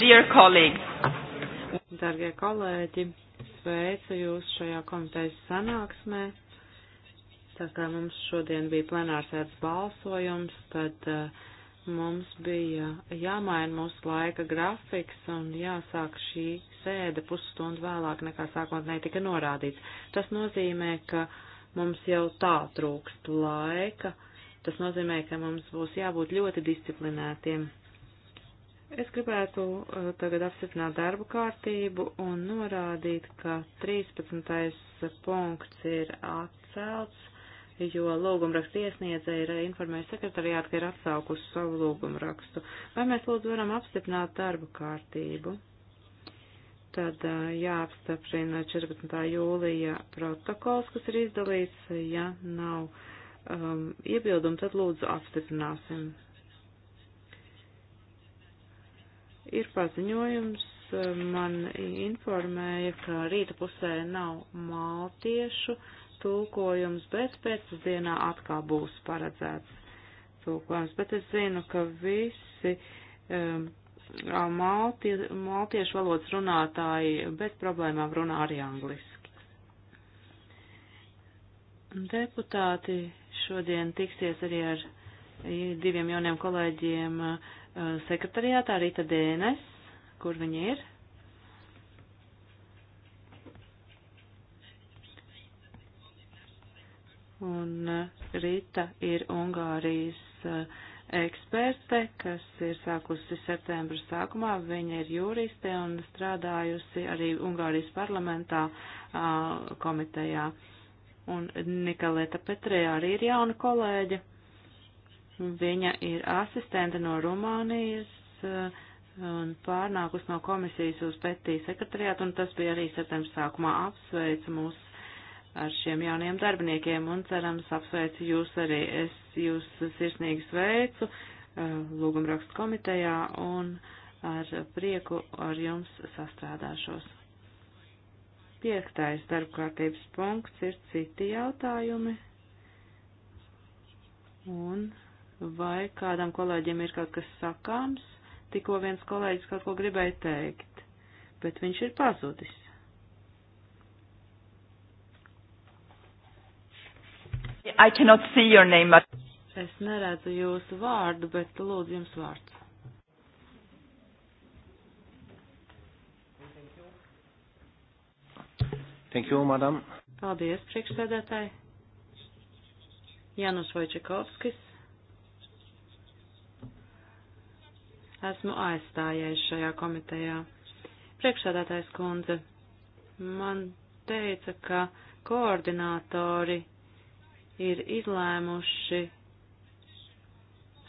dear colleagues. Dargie kolēģi, sveicu jūs šajā komitejas sanāksmē. Tā kā mums šodien bija plenārsēts balsojums, tad uh, mums bija jāmaina mūsu laika grafiks un jāsāk šī sēde pusstundu vēlāk nekā sākotnēji tika norādīts. Tas nozīmē, ka mums jau tā trūkst laika. Tas nozīmē, ka mums būs jābūt ļoti disciplinētiem Es gribētu eh, tagad apstiprināt darbu kārtību un norādīt, ka 13. punkts ir atcelts, jo lūgumraksta iesniedzēja ir informējusi sekretariātu, ka ir atsaukusi savu lūgumrakstu. Vai mēs lūdzu varam apstiprināt darbu kārtību? Tad eh, jāapstiprina 14. jūlija protokols, kas ir izdalīts. Ja nav um, iebildumu, tad lūdzu apstiprināsim. ir paziņojums. Eh, man informēja, ka rīta pusē nav maltiešu tulkojums, bet pēcpusdienā atkal būs paredzēts tulkojums. Bet es zinu, ka visi um, eh, maltie, maltiešu valodas runātāji bez problēmām runā arī angliski. Deputāti šodien tiksies arī ar diviem jauniem kolēģiem. Uh, Eh, sekretariātā Rīta Dēnes, kur viņa ir. Un eh, Rīta ir Ungārijas eh, eksperte, kas ir sākusi septembra sākumā. Viņa ir jūriste un strādājusi arī Ungārijas parlamentā komitejā. Un Nikoleta Petrē arī ir jauna kolēģe Viņa ir asistente no Rumānijas eh, un pārnākus no komisijas uz petī sekretariātu, un tas bija arī septembrs sākumā apsveic mūs ar šiem jauniem darbiniekiem, un cerams apsveicu jūs arī. Es jūs sirsnīgi sveicu eh, lūgumrakstu komitejā un ar prieku ar jums sastrādāšos. Piektais darbkārtības punkts ir citi jautājumi. Un Vai kādam kolēģiem ir kaut kas sakāms? Tikko viens kolēģis kaut ko gribēja teikt, bet viņš ir pazudis. I cannot see your name. But... Es neredzu jūsu vārdu, bet lūdzu jums vārds. Thank you, madam. Paldies, priekšsēdētāji. Janus Vojčekovskis esmu aizstājies šajā komitejā. Priekšsādātājs kundze man teica, ka koordinātori ir izlēmuši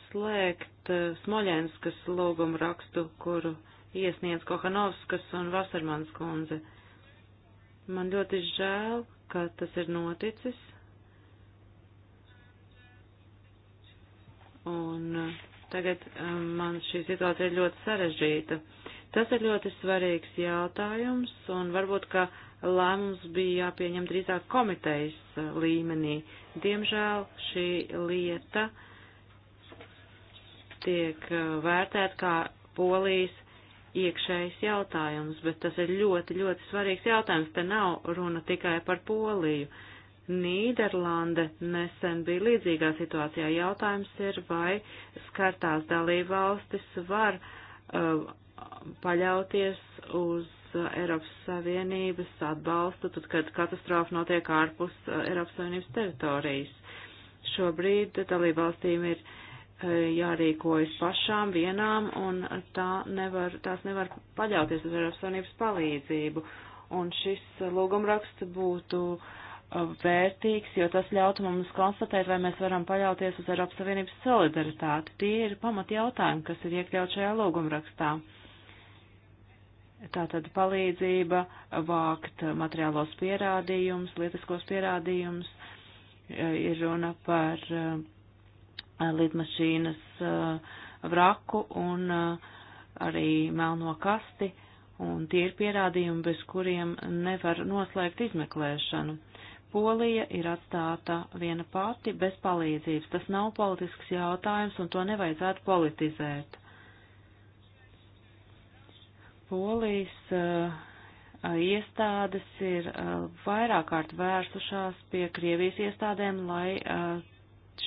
slēgt eh, Smoļenskas lūgumu rakstu, kuru iesniedz Kohanovskas un Vasarmans kundze. Man ļoti žēl, ka tas ir noticis. Un eh, Tagad um, man šī situācija ir ļoti sarežģīta. Tas ir ļoti svarīgs jautājums, un varbūt, ka lēmums bija jāpieņem drīzāk komitejas uh, līmenī. Diemžēl šī lieta tiek uh, vērtēta kā polijas iekšējs jautājums, bet tas ir ļoti, ļoti svarīgs jautājums. Te nav runa tikai par poliju. Uh, Nīderlande nesen bija līdzīgā situācijā. Jautājums ir, vai skartās dalībvalstis var uh, paļauties uz uh, Eiropas Savienības atbalstu, tad, kad katastrofa notiek ārpus uh, Eiropas Savienības teritorijas. Šobrīd dalībvalstīm ir uh, jārīkojas pašām vienām, un tā nevar, tās nevar paļauties uz Eiropas Savienības palīdzību. Un šis lūgumraksts būtu uh, vērtīgs, jo tas ļautu mums konstatēt, vai mēs varam paļauties uz Eiropas Savienības solidaritāti. Tie ir pamat jautājumi, kas ir iekļaut šajā logumrakstā. Tātad palīdzība vākt materiālos pierādījumus, lietiskos pierādījumus, ir runa par eh, lidmašīnas eh, vraku un eh, arī melno kasti, un tie ir pierādījumi, bez kuriem nevar noslēgt izmeklēšanu Polija ir atstāta viena pati bez palīdzības. Tas nav politisks jautājums un to nevajadzētu politizēt. Polijas uh, iestādes ir uh, vairāk kārt vērsušās pie Krievijas iestādēm, lai uh,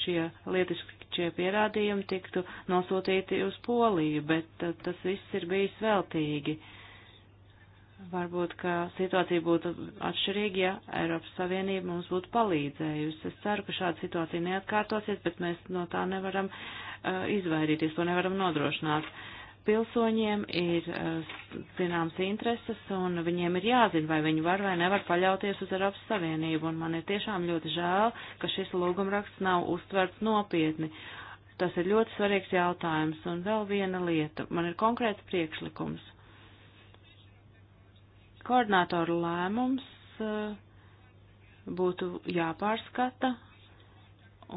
šie lietišķie pierādījumi tiktu nosūtīti uz Poliju, bet uh, tas viss ir bijis veltīgi. Uh, Varbūt, ka situācija būtu atšķirīga, ja Eiropas Savienība mums būtu palīdzējusi. Es ceru, ka šāda situācija neatkārtosies, bet mēs no tā nevaram uh, izvairīties, to nevaram nodrošināt. Pilsoņiem ir uh, zināms intereses, un viņiem ir jāzina, vai viņi var vai nevar paļauties uz Eiropas Savienību, un man ir tiešām ļoti žēl, ka šis lūgumraksts nav uztverts nopietni. Tas ir ļoti svarīgs jautājums, un vēl viena lieta. Man ir konkrēts priekšlikums koordinātoru lēmums eh, būtu jāpārskata,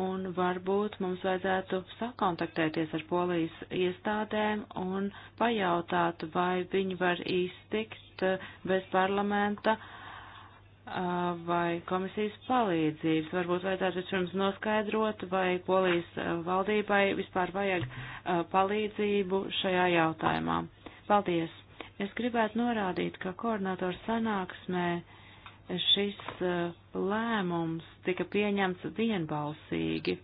un varbūt mums vajadzētu sakontaktēties ar polijas iestādēm un pajautāt, vai viņi var iztikt eh, bez parlamenta eh, vai komisijas palīdzības. Varbūt vajadzētu vispirms noskaidrot, vai polijas valdībai vispār vajag palīdzību šajā jautājumā. Paldies! Es gribētu norādīt, ka koordinatoru sanāksmē šis eh, lēmums tika pieņemts vienbalsīgi.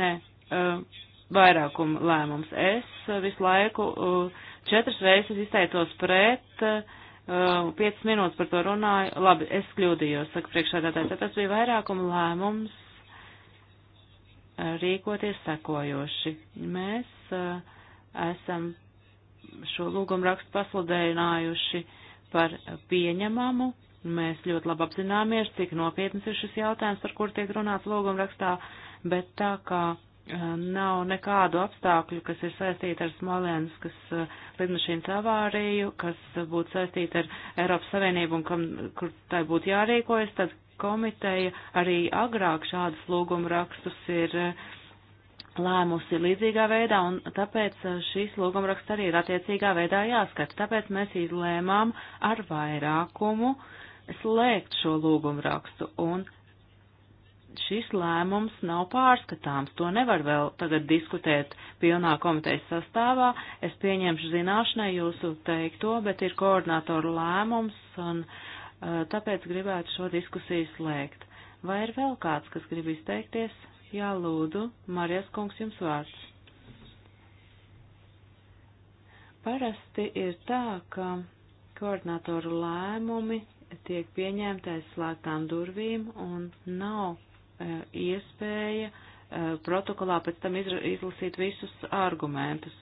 Nē, eh, vairākuma lēmums. Es eh, visu laiku četras reizes izteicos pret, piecas minūtes par to runāju. Labi, es kļūdījos, saka priekšādātājs. Tas bija vairākuma lēmums rīkoties sekojoši. Mēs esam šo lūgumu rakstu pasludinājuši par pieņemamu. Mēs ļoti labi apzināmies, cik nopietnas ir šis jautājums, par kur tiek runāts lūgumu rakstā, bet tā kā e, nav nekādu apstākļu, kas ir saistīti ar Smolenskas e, lidmašīnas avāriju, kas būtu saistīti ar Eiropas Savienību un kam, kur tai būtu jārīkojas, tad komiteja arī agrāk šādus lūgumu rakstus ir uh, lēmusi līdzīgā veidā, un tāpēc uh, šīs lūgumraksts arī ir attiecīgā veidā jāskata. Tāpēc mēs izlēmām ar vairākumu slēgt šo lūgumrakstu, un šis lēmums nav pārskatāms. To nevar vēl tagad diskutēt pilnā komitejas sastāvā. Es pieņemšu zināšanai jūsu teikto, bet ir koordinātoru lēmums, un uh, tāpēc gribētu šo diskusiju slēgt. Vai ir vēl kāds, kas grib izteikties? Jā, lūdzu, Marijas kungs jums vārds. Parasti ir tā, ka koordinatoru lēmumi tiek pieņemti aiz slēgtām durvīm un nav e, iespēja e, protokolā pēc tam izlasīt visus argumentus.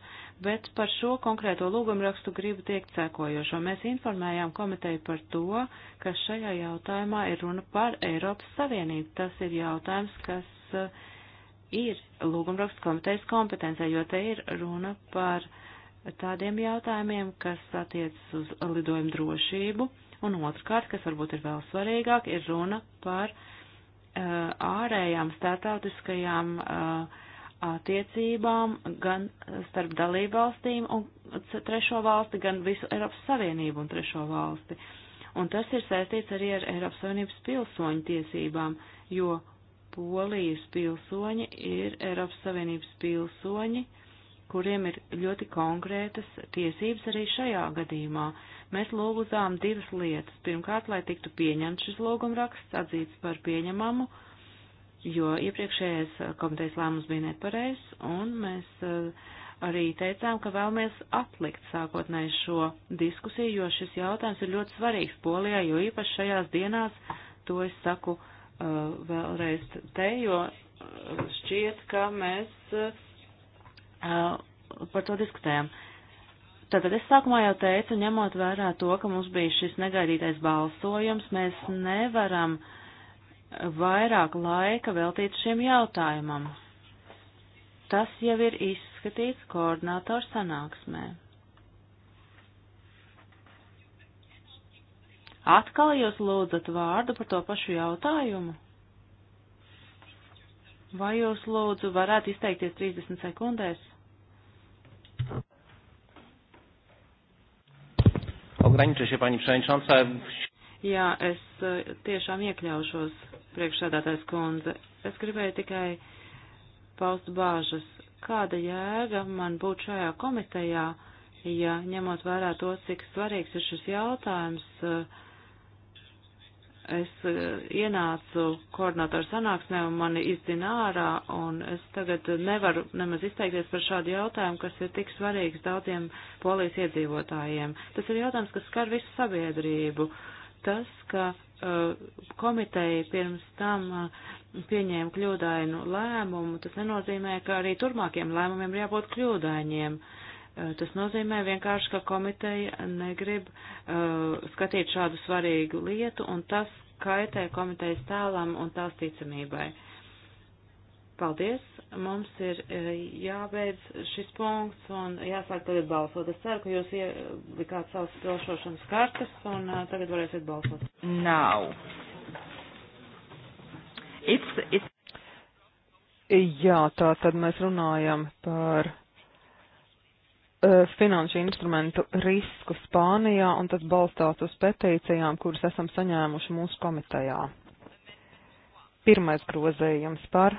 Bet par šo konkrēto lūgumu rakstu gribu teikt sekojošo. Mēs informējām komiteju par to, ka šajā jautājumā ir runa par Eiropas Savienību. Tas ir jautājums, kas Uh, ir lūgumrakstu komitejas kompetencē, jo te ir runa par tādiem jautājumiem, kas attiecas uz lidojumu drošību, un otrkārt, kas varbūt ir vēl svarīgāk, ir runa par uh, ārējām startautiskajām uh, attiecībām gan starp dalībvalstīm un trešo valsti, gan visu Eiropas Savienību un trešo valsti. Un tas ir saistīts arī ar Eiropas Savienības pilsoņu tiesībām, jo Polijas pilsoņi ir Eiropas Savienības pilsoņi, kuriem ir ļoti konkrētas tiesības arī šajā gadījumā. Mēs lūguzām divas lietas. Pirmkārt, lai tiktu pieņemts šis lūgumraksts, atzīts par pieņemamu, jo iepriekšējais uh, komitejas lēmums bija nepareizs, un mēs uh, arī teicām, ka vēlamies atlikt sākotnēji šo diskusiju, jo šis jautājums ir ļoti svarīgs Polijā, jo īpaši šajās dienās to es saku Uh, vēlreiz te, jo uh, šķiet, ka mēs uh, par to diskutējam. Tātad es sākumā jau teicu, ņemot vērā to, ka mums bija šis negaidītais balsojums, mēs nevaram vairāk laika veltīt šim jautājumam. Tas jau ir izskatīts koordinātoru sanāksmē. Atkal jūs lūdzat vārdu par to pašu jautājumu? Vai jūs lūdzu varētu izteikties 30 sekundēs? Ograniczę się pani przewodnicząca. Jā, es eh, tiešām iekļaušos priekšsēdātājs kundze. Es gribēju tikai paust bāžas, kāda jēga man būt šajā komitejā, ja ņemot vērā to, cik svarīgs ir šis jautājums, uh, Es e, ienācu koordinātoru sanāksmē un mani izdzina ārā, un es tagad nevaru nemaz izteikties par šādu jautājumu, kas ir tik svarīgs daudziem polijas iedzīvotājiem. Tas ir jautājums, kas skar visu sabiedrību. Tas, ka e, komiteja pirms tam e, pieņēma kļūdainu lēmumu, tas nenozīmē, ka arī turmākiem lēmumiem ir jābūt kļūdainiem. Uh, Uh, tas nozīmē vienkārši, ka komiteja negrib uh, skatīt šādu svarīgu lietu, un tas kaitē komitejas tēlam un tās ticamībai. Paldies! Mums ir uh, jābeidz šis punkts un jāsāk tagad balsot. Es ceru, ka jūs ielikāt savas pilsošanas kartas un uh, tagad varēsiet balsot. Nav. It's, it's... Jā, tā tad mēs runājam par Uh, finanšu instrumentu risku Spānijā, un tas balstās uz petīcijām, kuras esam saņēmuši mūsu komitejā. Pirmais grozējums par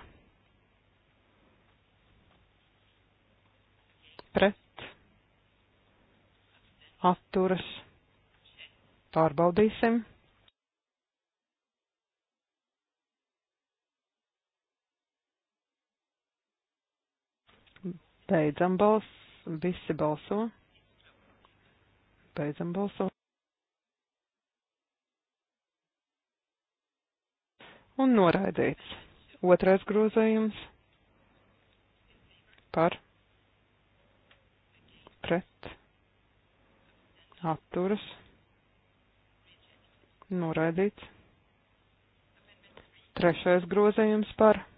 pret atturas pārbaudīsim. Beidzam balss. Visi balso. Beidzam balsot. Un noraidīts. Otrais grozējums par pret atturas noraidīts. Trešais grozējums par pret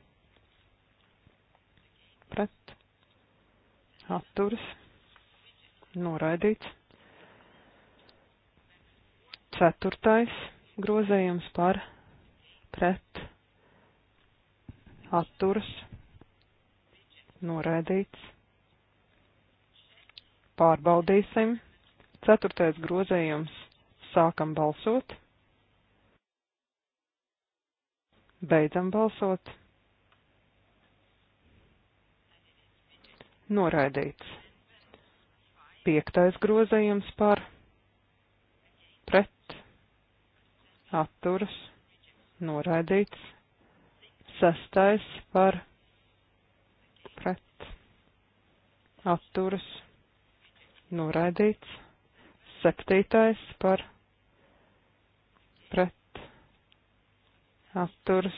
atturas, noraidīts. Ceturtais grozējums par pret atturas, noraidīts. Pārbaudīsim. Ceturtais grozējums. Sākam balsot. Beidzam balsot. noraidīts. Piektais grozējums par pret atturas noraidīts. Sestais par pret atturas noraidīts. Septītais par pret atturas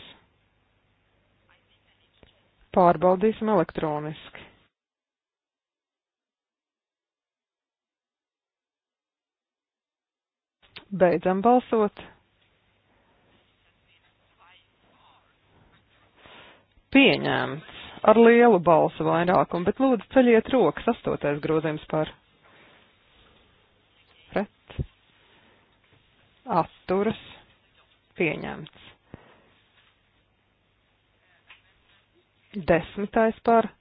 pārbaudīsim elektroniski. Beidzam balsot. Pieņēmts ar lielu balsu vairākumu, bet lūdzu ceļiet rokas astotais grozījums par pret atturas pieņemts. Desmitais par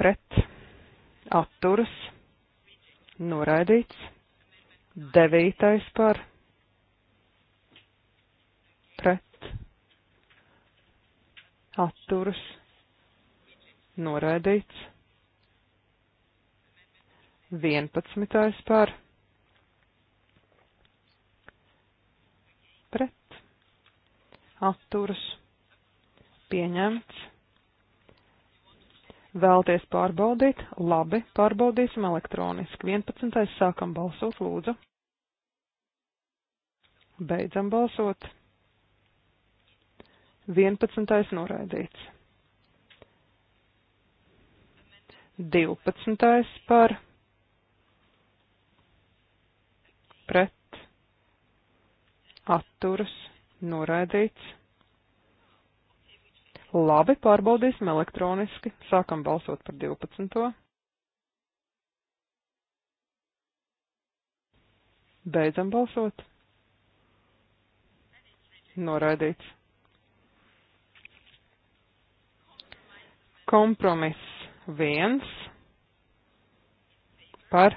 pret atturas pieņemts noraidīts, devītais par pret atturas noraidīts, vienpadsmitais par pret atturas pieņemts. Vēlties pārbaudīt? Labi, pārbaudīsim elektroniski. 11. sākam balsot, lūdzu. Beidzam balsot. 11. noraidīts. 12. par pret atturas noraidīts. Labi, pārbaudīsim elektroniski. Sākam balsot par 12. Beidzam balsot. Noraidīts. Kompromiss viens par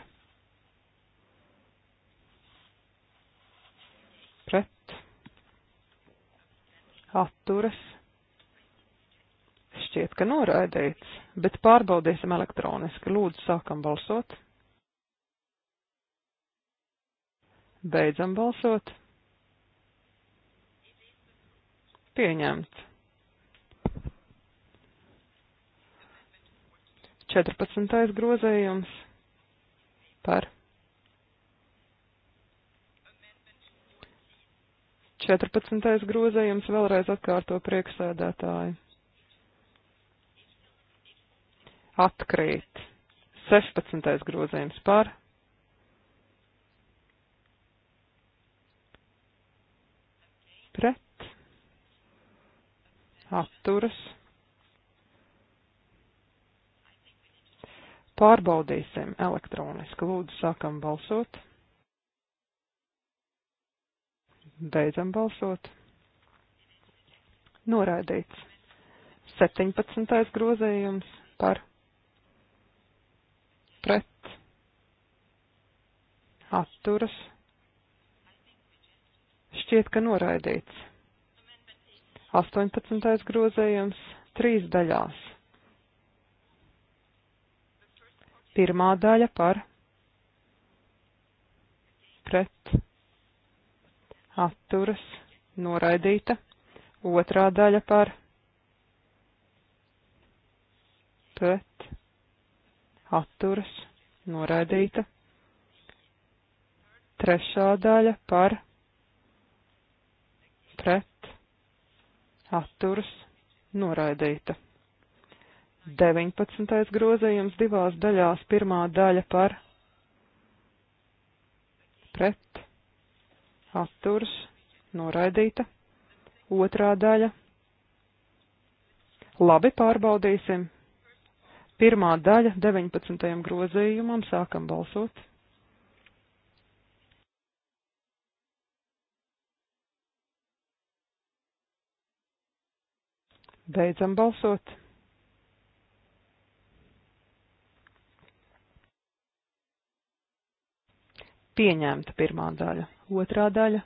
pret atturas šķiet, ka noraidīts, bet pārbaudīsim elektroniski. Lūdzu, sākam balsot. Beidzam balsot. Pieņemts. 14. grozējums par 14. grozējums vēlreiz atkārto prieksēdētāju. atkrīt. 16. grozījums par. Pret. Atturas. Pārbaudīsim elektroniski. Lūdzu, sākam balsot. Beidzam balsot. Noraidīts. 17. grozījums par pret, atturas, šķiet, ka noraidīts. 18. grozējums trīs daļās. Pirmā daļa par pret, atturas, noraidīta, otrā daļa par pret, atturas, noraidīta. Trešā daļa par, pret, atturas, noraidīta. 19. grozījums divās daļās, pirmā daļa par, pret, atturas, noraidīta, otrā daļa. Labi, pārbaudīsim, Pirmā daļa 19. grozījumam sākam balsot. Beidzam balsot. Pieņemta pirmā daļa. Otrā daļa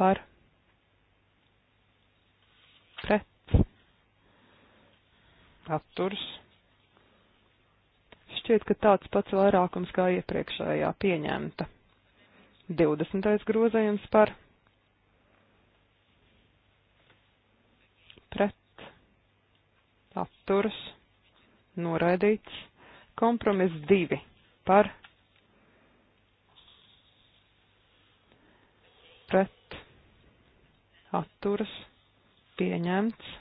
par pret atturs. Šķiet, ka tāds pats vairākums kā iepriekšējā pieņemta. 20. grozējums par pret atturs noraidīts. Kompromiss 2 par pret atturas pieņemts.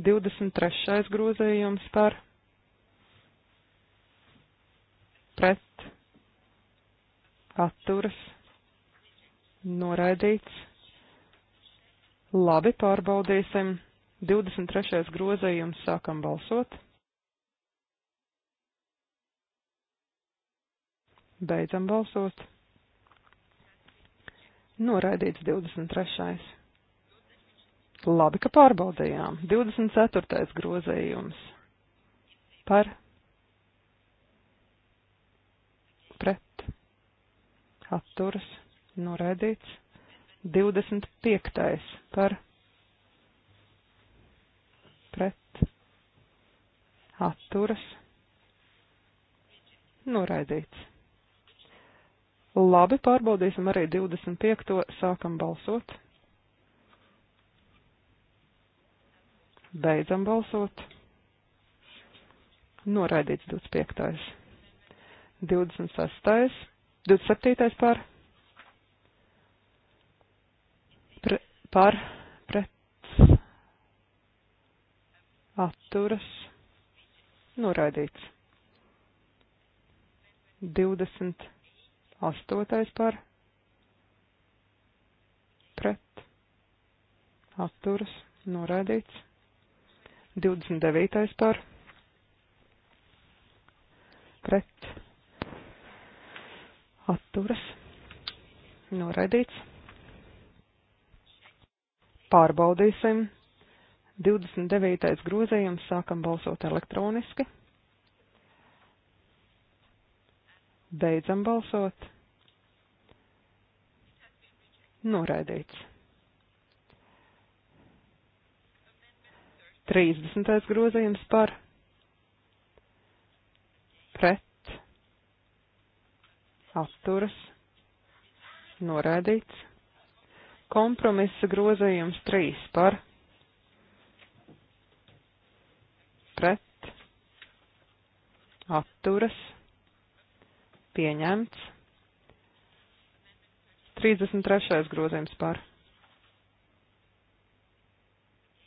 23. grozījums par pret atturas noraidīts. Labi, pārbaudīsim. 23. grozījums sākam balsot. Beidzam balsot. Noraidīts 23. Labi, ka pārbaudījām. 24. grozījums par pret atturas noraidīts. 25. par pret atturas noraidīts. Labi, pārbaudīsim arī 25. sākam balsot. Beidzam balsot. Noraidīts 25. 26. 27. par. Pre, par. Pret. Atturas. Noraidīts. 28. par. Pret. Atturas. Noraidīts. 29. par pret atturas noraidīts. Pārbaudīsim. 29. grozījums sākam balsot elektroniski. Beidzam balsot. Noraidīts. 30. grozījums par pret atturas noraidīts. Kompromisa grozījums 3 par pret atturas pieņemts. 33. grozījums par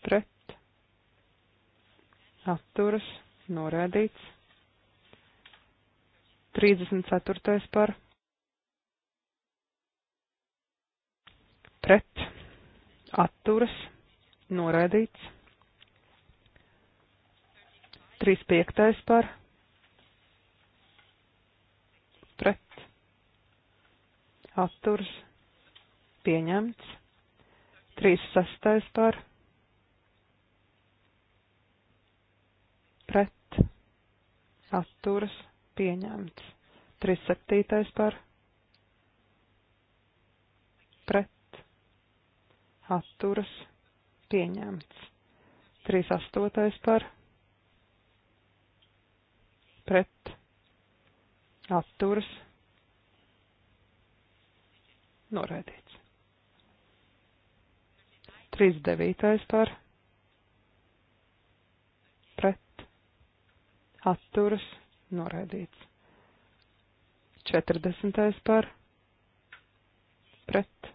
pret atturas, norēdīts. 34. par pret, atturas, norēdīts. 35. par pret, atturas, pieņemts. 36. par pret atturas pieņemts. 37. par pret atturas pieņemts. 38. par pret atturas noraidīts. 39. par pret atturas noraidīts. 40. par pret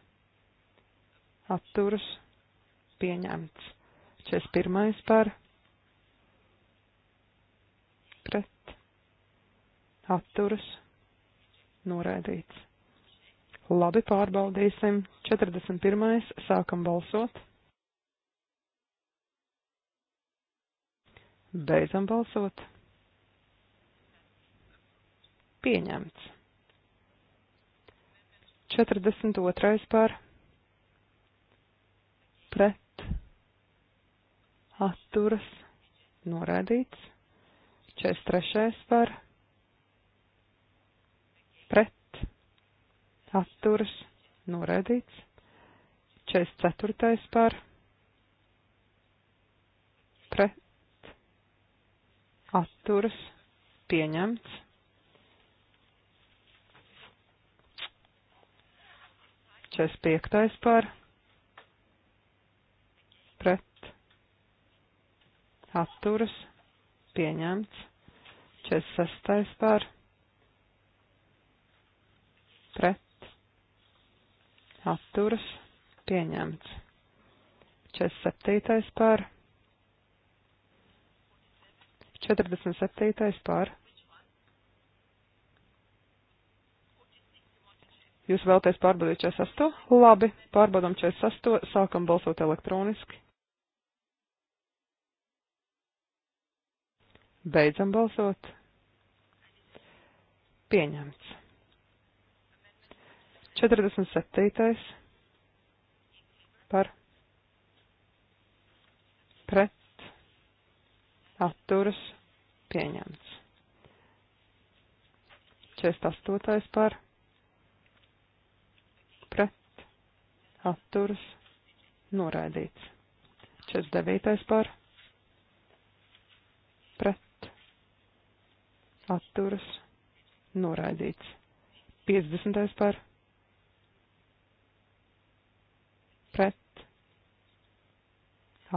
atturas pieņemts. 41. par pret atturas noraidīts. Labi, pārbaudīsim. 41. sākam balsot. Beidzam balsot. Pieņemts. 42. par pret atturas noraidīts. 43. par pret atturas noraidīts. 44. par pret atturas pieņemts. 45. par pret atturas pieņemts. 46. par pret atturas pieņemts. 47. par 47. par Jūs vēlaties pārbaudīt 48? Labi, pārbaudam 48, sākam balsot elektroniski. Beidzam balsot. Pieņemts. 47. par pret atturas pieņemts. 48. par pret pret, atturas, noraidīts. 49. par, pret, atturas, noraidīts. 50. par, pret,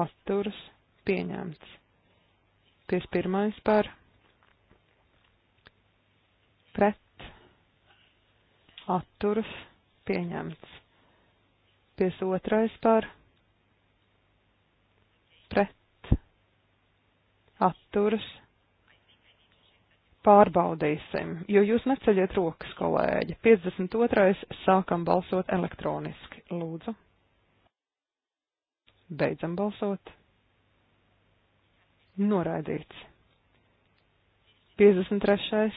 atturas, pieņemts. 51. par, pret, atturas, pieņemts. 52. par pret atturas pārbaudīsim, jo jūs neceļiet rokas, kolēģi. 52. sākam balsot elektroniski. Lūdzu. Beidzam balsot. Noraidīts. 53.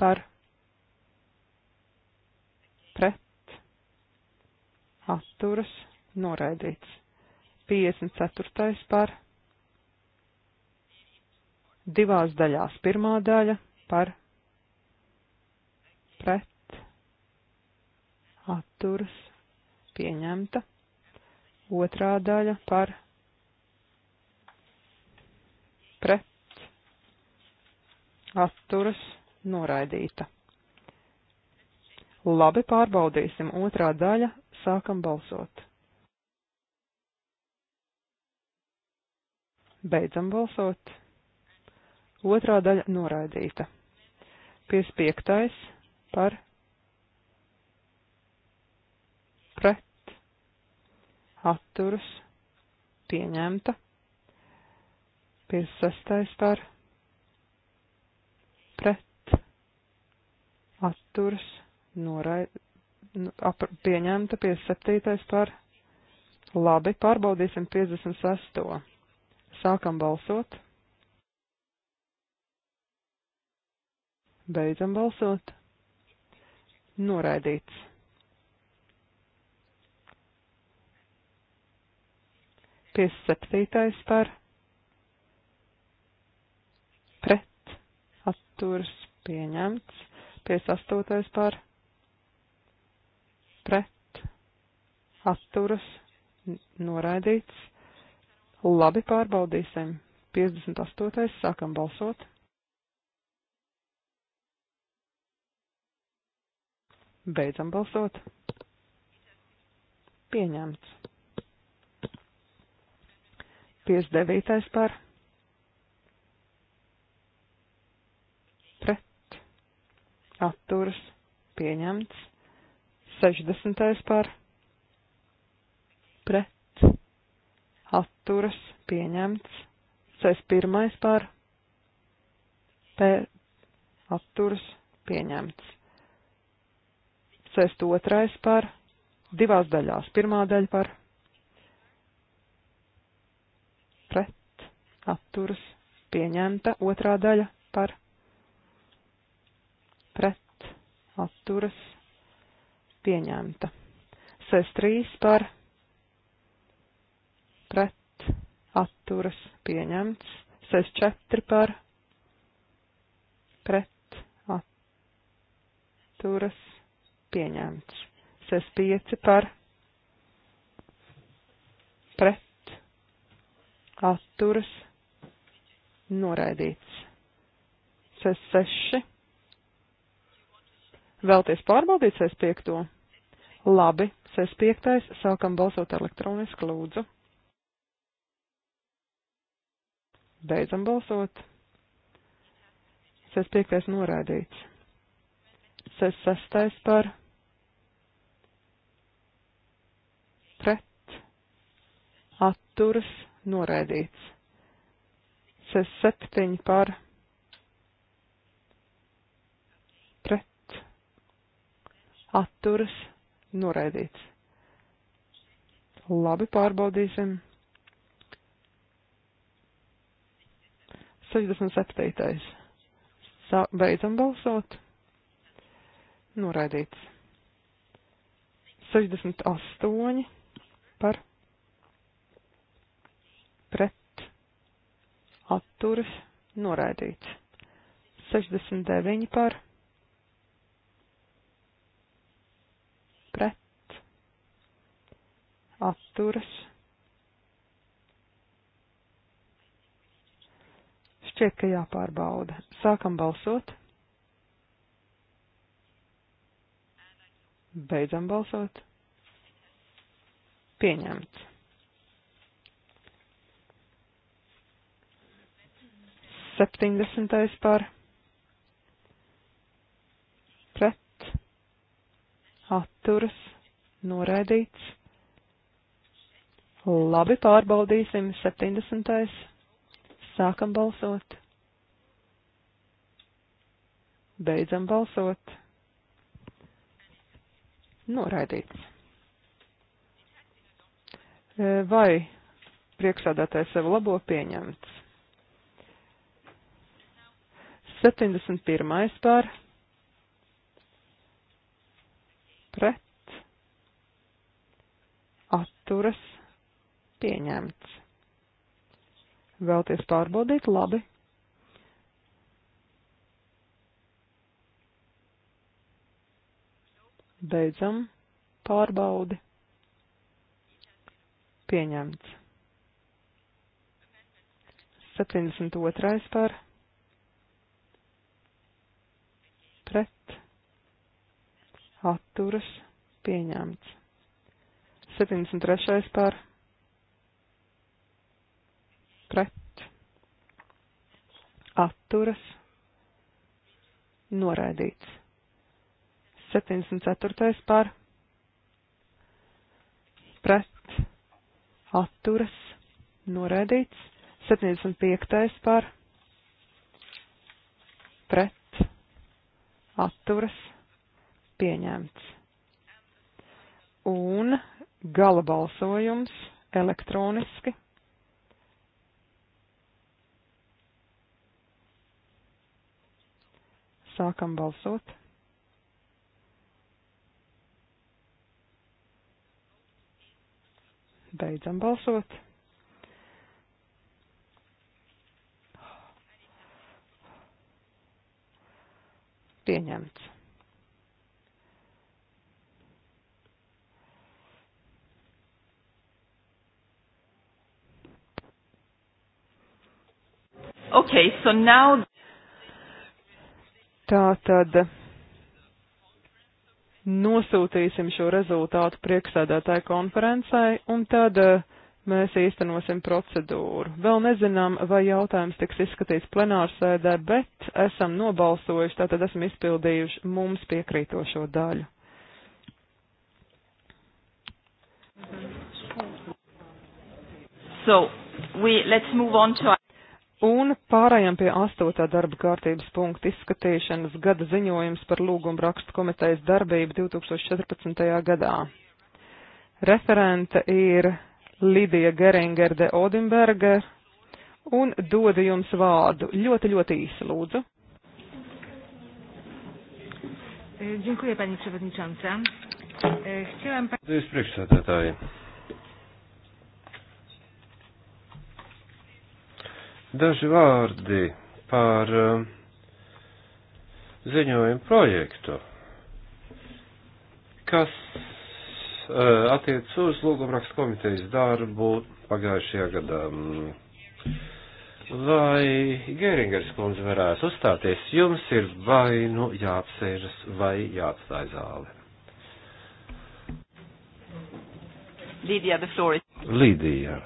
par pret atturas noraidīts. 54. par divās daļās. Pirmā daļa par pret atturas pieņemta. Otrā daļa par pret atturas noraidīta. Labi pārbaudīsim otrā daļa Sākam balsot. Beidzam balsot. Otrā daļa noraidīta. 55. par pret atturas pieņemta. 56. par pret atturas noraidīta Nu, pieņemta 57. par labi, pārbaudīsim 56. Sākam balsot. Beidzam balsot. Noraidīts. Pies septītais par pret atturas pieņemts. Pies astotais par pret pret, atturas, noraidīts. Labi, pārbaudīsim. 58. sākam balsot. Beidzam balsot. Pieņemts. 59. par. Pret. Atturas. Pieņemts. 60. par pret atturas pieņemts. 61. par pret atturas pieņemts. 62. par divās daļās. Pirmā daļa par pret atturas pieņemta, otrā daļa par pret atturas pieņemta. SES 3 par pret atturas pieņemts. SES 4 par pret atturas pieņemts. SES 5 par pret atturas noraidīts. SES 6 vēlties pārbaudīt sēs piekto? Labi, 65. sākam balsot elektroniski, lūdzu. Beidzam balsot. 65. noraidīts. 66. par. Pret. Atturas noraidīts. 67. par. Pret. Atturas noraidīts noraidīts. Labi, pārbaudīsim. 67. Sa beidzam balsot. Noraidīts. 68 par pret atturas noraidīts. 69 par pret, atturas. Šķiet, ka jāpārbauda. Sākam balsot. Beidzam balsot. Pieņemts. Septiņdesmitais par atturas noraidīts. Labi, pārbaudīsim 70. Sākam balsot. Beidzam balsot. Noraidīts. E, vai priekšsādātājs sev labo pieņemts? 71. pār pret, atturas, pieņemts. Vēlties pārbaudīt, labi. Beidzam pārbaudi. Pieņemts. 72. par pret atturas pieņemts. 73. par pret atturas noraidīts. 74. par pret atturas noraidīts. 75. par pret atturas noraidīts pieņemts. Un gala balsojums elektroniski. Sākam balsot. Beidzam balsot. Pieņemts. Okay, so now... Tā tad nosūtīsim šo rezultātu prieksēdētāju konferencai un tad eh, mēs īstenosim procedūru. Vēl nezinām, vai jautājums tiks izskatīts plenārsēdē, bet esam nobalsojuši, tātad esam izpildījuši mums piekrītošo daļu. So we let's move on to Un pārējām pie astotā darba kārtības punkta izskatīšanas gada ziņojums par lūgumu rakstu komitejas darbību 2014. gadā. Referente ir Lidija Geringer de Odinberger un dodu jums vārdu ļoti, ļoti īsi lūdzu. E, dziękuję Pani Przewodnicząca. E, Chciałam Pani... Daži vārdi par um, ziņojumu projektu, kas uh, attiec uz lūgumrakstu komitejas darbu pagājušajā gadā. Vai Gēringers kundze varētu uzstāties, jums ir vai nu jāapsēžas vai jāatstāj zāle? Līdija, the floor is. Līdija,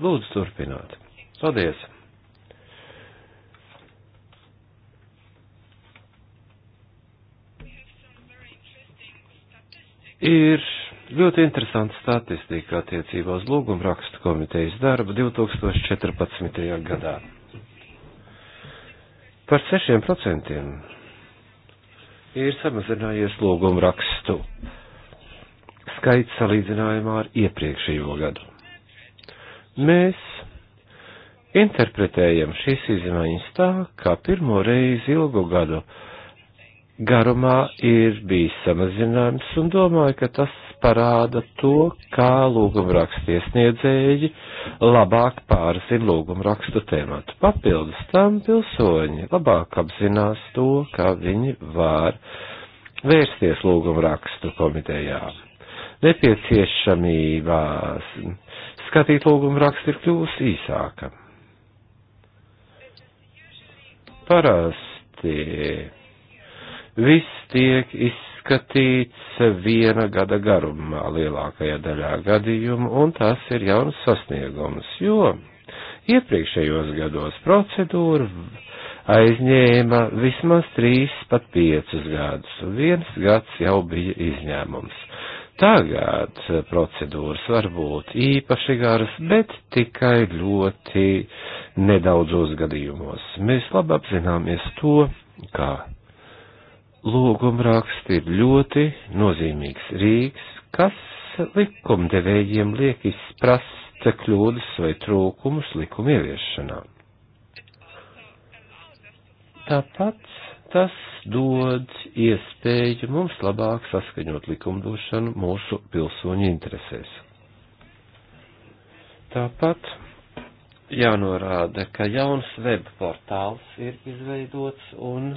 lūdzu turpināt. Paldies. Ir ļoti interesanta statistika attiecībā uz lūgumrakstu komitejas darbu 2014. gadā. Par 6% ir samazinājies lūgumrakstu skaits salīdzinājumā ar iepriekšējo gadu. Mēs interpretējam šīs izmaiņas tā, ka pirmo reizi ilgu gadu garumā ir bijis samazinājums, un domāju, ka tas parāda to, kā lūgumrakstiesniedzēji labāk pārzina lūgumrakstu tēmatu. Papildus tam pilsoņi labāk apzinās to, kā viņi var vērsties lūgumrakstu komitejā. Nepieciešamībā skatīt lūgumrakstu ir kļūst īsāka. Parasti viss tiek izskatīts viena gada garumā lielākajā daļā gadījumu, un tas ir jauns sasniegums, jo iepriekšējos gados procedūra aizņēma vismaz trīs pat piecus gadus, un viens gads jau bija izņēmums. Tagad procedūras var būt īpaši garas, bet tikai ļoti nedaudzos gadījumos. Mēs labi apzināmies to, kā Lūgumraksts ir ļoti nozīmīgs rīks, kas likumdevējiem liek izprast kļūdas vai trūkumus likuma ieviešanā. Tāpat tas dod iespēju mums labāk saskaņot likumdošanu mūsu pilsoņu interesēs. Tāpat jānorāda, ka jauns web portāls ir izveidots un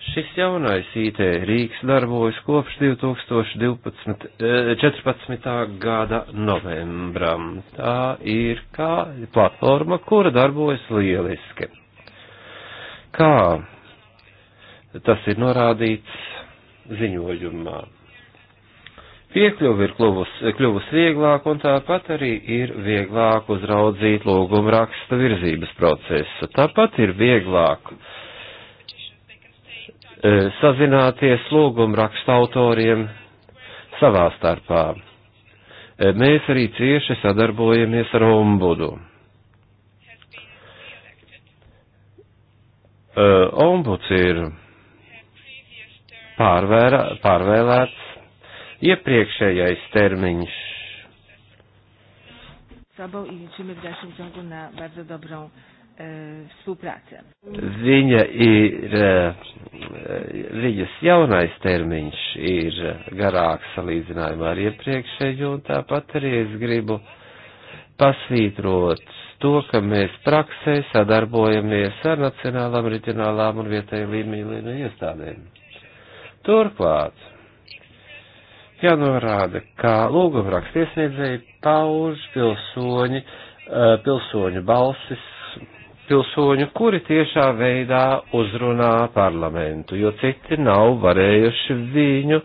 Šis jaunais IT rīks darbojas kopš 2014. Eh, gada novembram. Tā ir kā platforma, kura darbojas lieliski. Kā tas ir norādīts ziņojumā. Piekļuvi ir kļuvus, kļuvus vieglāk un tāpat arī ir vieglāk uzraudzīt lūguma raksta virzības procesu. Tāpat ir vieglāk uh, E, sazināties lūgumu rakstu autoriem savā starpā. E, mēs arī cieši sadarbojamies ar ombudu. E, ombuds ir pārvēra, pārvēlēts iepriekšējais termiņš. Viņa ir viņas jaunais termiņš ir garāks salīdzinājumā ar iepriekšēju, un tāpat arī es gribu pasvītrot to, ka mēs praksē sadarbojamies ar nacionālām, reģionālām un vietēju līmeņu iestādēm. Turklāt, jānorāda, ka lūgumrakstiesniedzēji pauž pilsoņi, eh, pilsoņu balsis pilsoņu, kuri tiešā veidā uzrunā parlamentu, jo citi nav varējuši viņu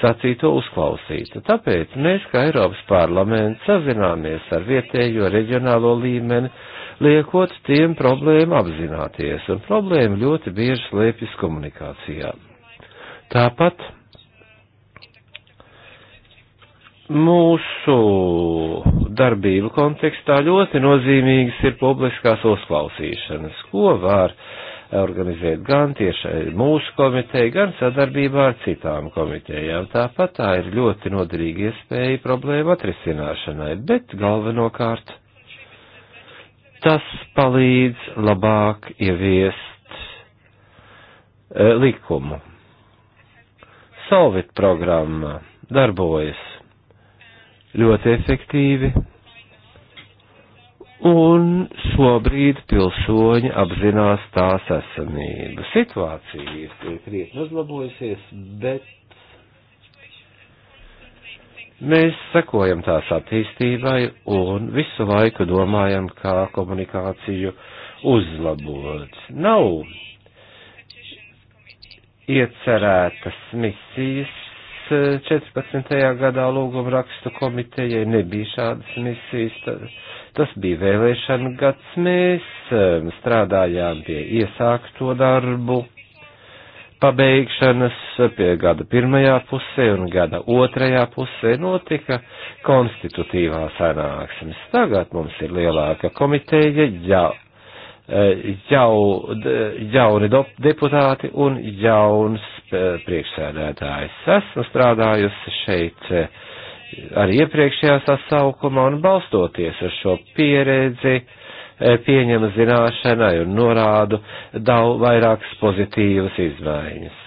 sacīto uzklausīt. Tāpēc mēs, kā Eiropas parlaments, sazināmies ar vietējo reģionālo līmeni, liekot tiem problēmu apzināties, un problēma ļoti bieži slēpjas komunikācijā. Tāpat mūsu darbību kontekstā ļoti nozīmīgas ir publiskās uzklausīšanas, ko var organizēt gan tieši mūsu komiteja, gan sadarbībā ar citām komitejām. Tāpat tā ir ļoti noderīga iespēja problēma atrisināšanai, bet galvenokārt tas palīdz labāk ieviest e, likumu. Solvit programma darbojas ļoti efektīvi. Un šobrīd pilsoņi apzinās tās esamību. Situācija ir krietni uzlabojusies, bet mēs sekojam tās attīstībai un visu laiku domājam, kā komunikāciju uzlabot. Nav iecerētas misijas 14. gadā lūguma rakstu komitejai nebija šādas misijas. Tas bija vēlēšana gads. Mēs um, strādājām pie iesākto darbu pabeigšanas pie gada pirmajā pusē un gada otrajā pusē notika konstitutīvā sanāksmes. Tagad mums ir lielāka komiteja, ja Eh, jau, jauni deputāti un jauns eh, priekšsēdētājs. Esmu strādājusi šeit eh, arī iepriekšējā sasaukumā un balstoties uz šo pieredzi, pieņem zināšanai un norādu daudz vairākas pozitīvas izmaiņas.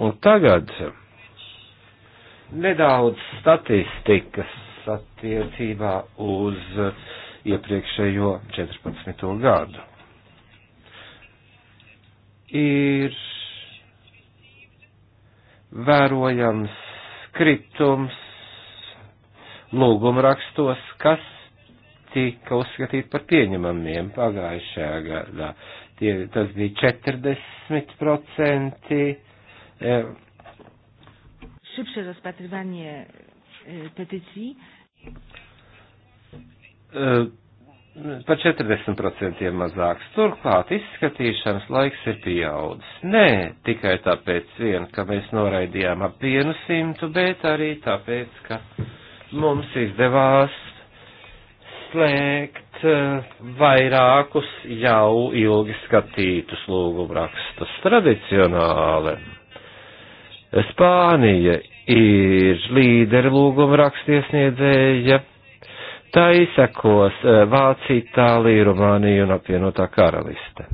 Un tagad nedaudz statistikas attiecībā uz iepriekšējo 14. gadu ir vērojams kritums lūgumrakstos, kas tika uzskatīti par pieņemamiem pagājušajā gadā. Tie, tas bija 40%. Šipše rozpatrivanie peticij par 40% mazāks. Turklāt izskatīšanas laiks ir pieaudzis. Nē, tikai tāpēc vien, ka mēs noraidījām ap vienu simtu, bet arī tāpēc, ka mums izdevās slēgt eh, vairākus jau ilgi skatītus lūgumrakstus tradicionāli. Spānija ir līderi lūgumrakstiesniedzēja Tai sekos e, Vācija, Itālija, Rumānija un apvienotā karaliste.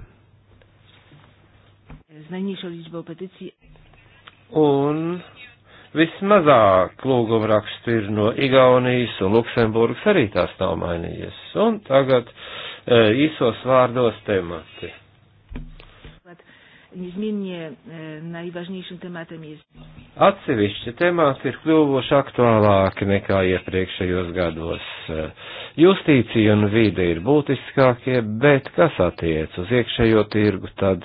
Un vismazāk lūguma rakstu ir no Igaunijas un Luksemburgas arī tās nav mainījies. Un tagad e, īsos vārdos temati niezmiennie e, najważniejszym tematem jest. Atsevišķi temāti ir kļuvuši aktuālāki nekā iepriekšējos gados. E, justīcija un vīde ir būtiskākie, bet kas attiec uz iekšējo tirgu, tad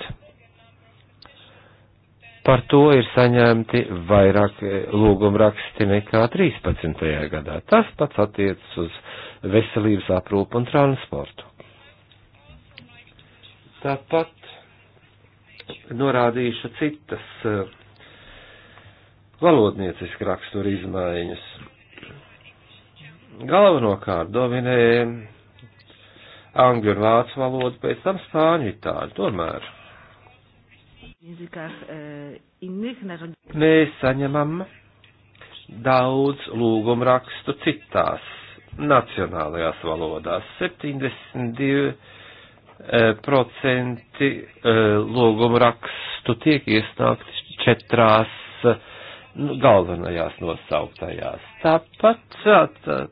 par to ir saņemti vairāk e, lūgumraksti nekā 13. gadā. Tas pats attiec uz veselības aprūpu un transportu. Tāpat norādījuši citas eh, valodniecisku raksturu izmaiņas. Galvenokārt dominē angļu un vācu valoda, pēc tam spāņu itāļu, tomēr. E, mēs saņemam daudz lūgumu rakstu citās nacionālajās valodās - 72 procenti eh, lūgumu rakstu tiek iesnākti četrās eh, nu, galvenajās nosauktajās. Tāpat tā,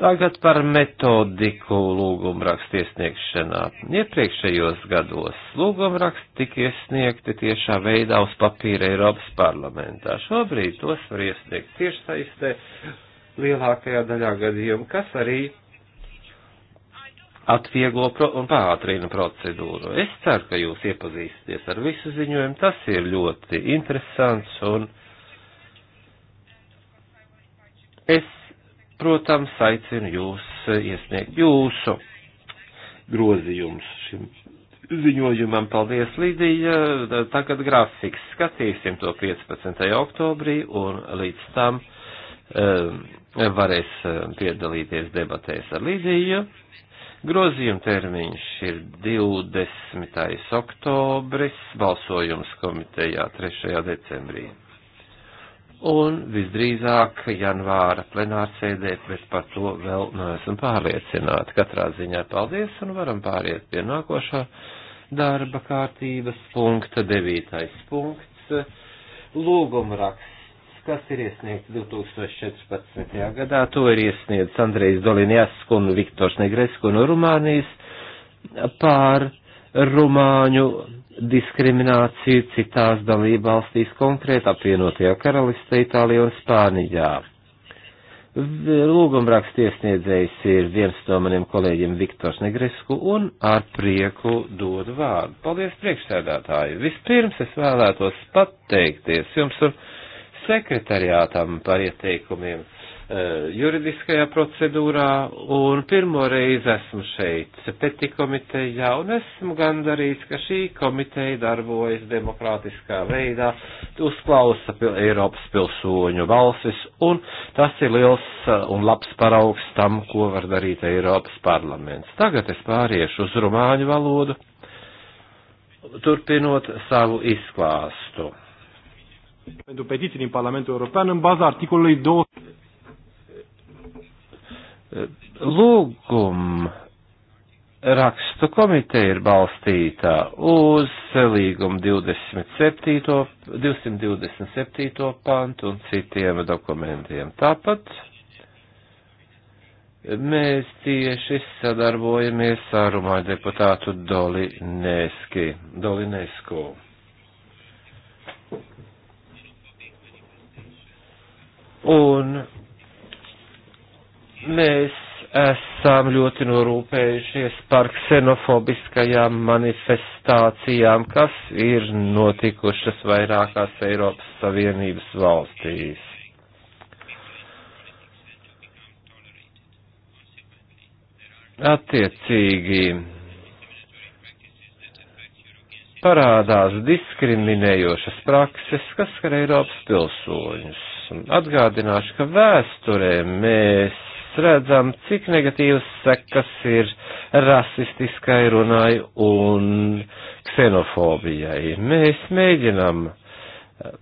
tagad par metodiku lūgumrakstu iesniegšanā. Iepriekšējos gados lūgumraksti tika iesniegti tiešā veidā uz papīra Eiropas parlamentā. Šobrīd tos var iesniegt tiešsaistē lielākajā daļā gadījumu, kas arī atvieglo pro un pātrina procedūru. Es ceru, ka jūs iepazīsties ar visu ziņojumu. Tas ir ļoti interesants un es, protams, aicinu jūs iesniegt jūsu grozījumus šim ziņojumam. Paldies, Lidija. Tagad grafiks. Skatīsim to 15. oktobrī un līdz tam um, varēs eh, piedalīties debatēs ar Lidiju Grozījuma termiņš ir 20. oktobris, balsojums komitejā 3. decembrī. Un visdrīzāk janvāra plenārsēdē, bet par to vēl neesam pārliecināti. Katrā ziņā paldies un varam pāriet pie nākošā darba kārtības punkta, 9. punkts, lūgumraksts kas ir iesniegts 2014. gadā. To ir iesniegts Andrejs Dolinjask un Viktors Negresko no Rumānijas pār rumāņu diskrimināciju citās dalībvalstīs, konkrēti apvienotajā karalistē, Itālijā un Spānijā. Lūgumraksts iesniedzējs ir viens no maniem kolēģiem Viktors Negresku un ar prieku dod vārdu. Paldies priekšsēdētāji! Vispirms es vēlētos pateikties jums un sekretariātam par ieteikumiem e, juridiskajā procedūrā, un pirmo reizi esmu šeit, peti komitejā, un esmu gandarīts, ka šī komiteja darbojas demokrātiskā veidā, uzklausa pil Eiropas pilsoņu balsis, un tas ir liels e, un labs paraugs tam, ko var darīt Eiropas parlaments. Tagad es pāriešu uz rumāņu valodu, turpinot savu izklāstu pentru petiții din Parlamentul European în baza articolului 2. Lūgum rakstu komiteja ir balstīta uz līguma 27, 227. pantu un citiem dokumentiem. Tāpat mēs cieši sadarbojamies ar Rumāņu deputātu Dolineski, Dolinesku. Un mēs esam ļoti norūpējušies par ksenofobiskajām manifestācijām, kas ir notikušas vairākās Eiropas Savienības valstīs. Attiecīgi parādās diskriminējošas prakses, kas skar Eiropas pilsoņus Atgādināšu, ka vēsturē mēs redzam, cik negatīvas sekas ir rasistiskai runai un ksenofobijai. Mēs mēģinam eh,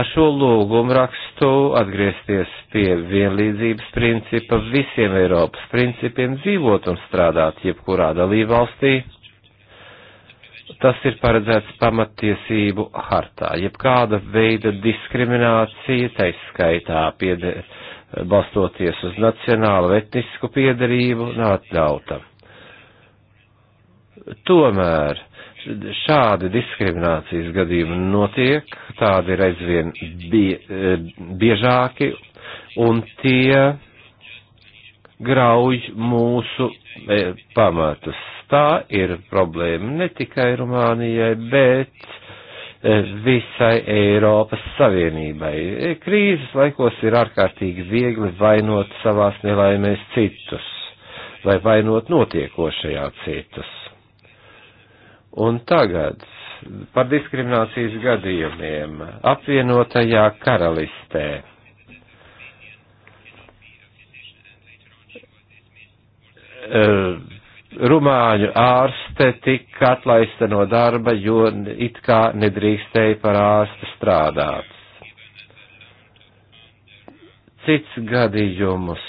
ar šo lūgumu rakstu atgriezties pie vienlīdzības principa, visiem Eiropas principiem dzīvot un strādāt jebkurā dalībvalstī. valstī tas ir paredzēts pamatiesību hartā. Jebkāda veida diskriminācija, taiskaitā piede, balstoties uz nacionālu etnisku piedarību, nav atļauta. Tomēr šādi diskriminācijas gadījumi notiek, tādi ir aizvien bie, biežāki, un tie grauj mūsu e, pamatus. Tā ir problēma ne tikai Rumānijai, bet e, visai Eiropas Savienībai. E, krīzes laikos ir ārkārtīgi viegli vainot savās nelaimēs citus, vai vainot notiekošajā citus. Un tagad par diskriminācijas gadījumiem apvienotajā karalistē Eh, rumāņu ārste tika atlaista no darba, jo it kā nedrīkstēja par ārstu strādāt. Cits gadījumus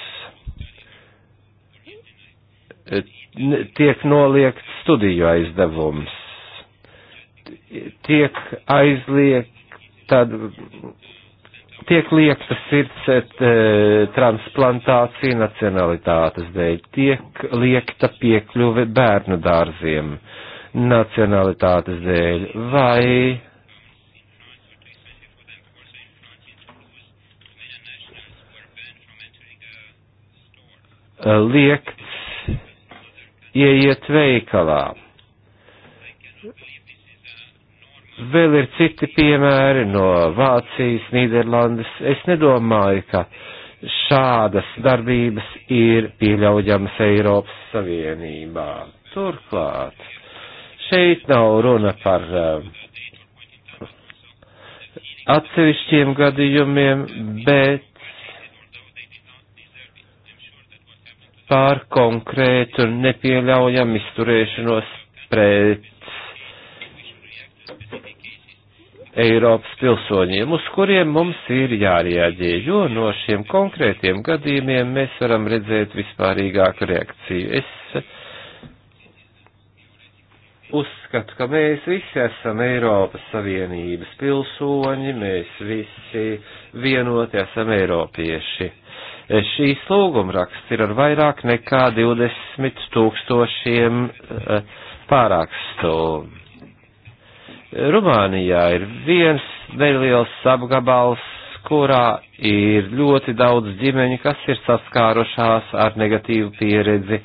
tiek noliegt studiju aizdevums, tiek aizliegt tad tiek liekta sirds et, e, transplantācija nacionalitātes dēļ, tiek liekta piekļuve bērnu dārziem nacionalitātes dēļ, vai liekts ieiet veikalā. Vēl ir citi piemēri no Vācijas, Nīderlandes. Es nedomāju, ka šādas darbības ir pieļaujamas Eiropas Savienībā. Turklāt, šeit nav runa par eh, atsevišķiem gadījumiem, bet pār konkrētu un nepieļaujam izturēšanos pret Eiropas pilsoņiem, uz kuriem mums ir jārieģē, jo no šiem konkrētiem gadījumiem mēs varam redzēt vispārīgāku reakciju. Es uzskatu, ka mēs visi esam Eiropas Savienības pilsoņi, mēs visi vienoti esam Eiropieši. Šīs lūgumraksts ir ar vairāk nekā 20 tūkstošiem eh, pārākstu Rumānijā ir viens neliels apgabals, kurā ir ļoti daudz ģimeņu, kas ir saskārušās ar negatīvu pieredzi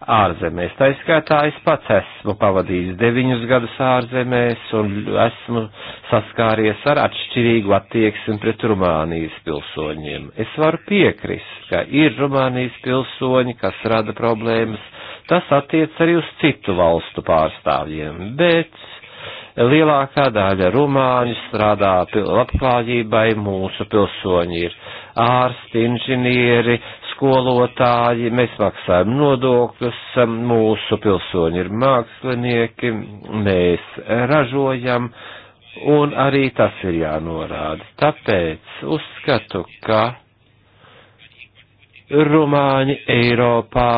ārzemēs. Tā izskaitā es pats esmu pavadījis deviņus gadus ārzemēs un esmu saskāries ar atšķirīgu attieksmi pret Rumānijas pilsoņiem. Es varu piekrist, ka ir Rumānijas pilsoņi, kas rada problēmas. Tas attiec arī uz citu valstu pārstāvjiem, bet lielākā daļa rumāņu strādā labklājībai, mūsu pilsoņi ir ārsti, inženieri, skolotāji, mēs maksājam nodokļus, mūsu pilsoņi ir mākslinieki, mēs ražojam, un arī tas ir jānorāda. Tāpēc uzskatu, ka rumāņi Eiropā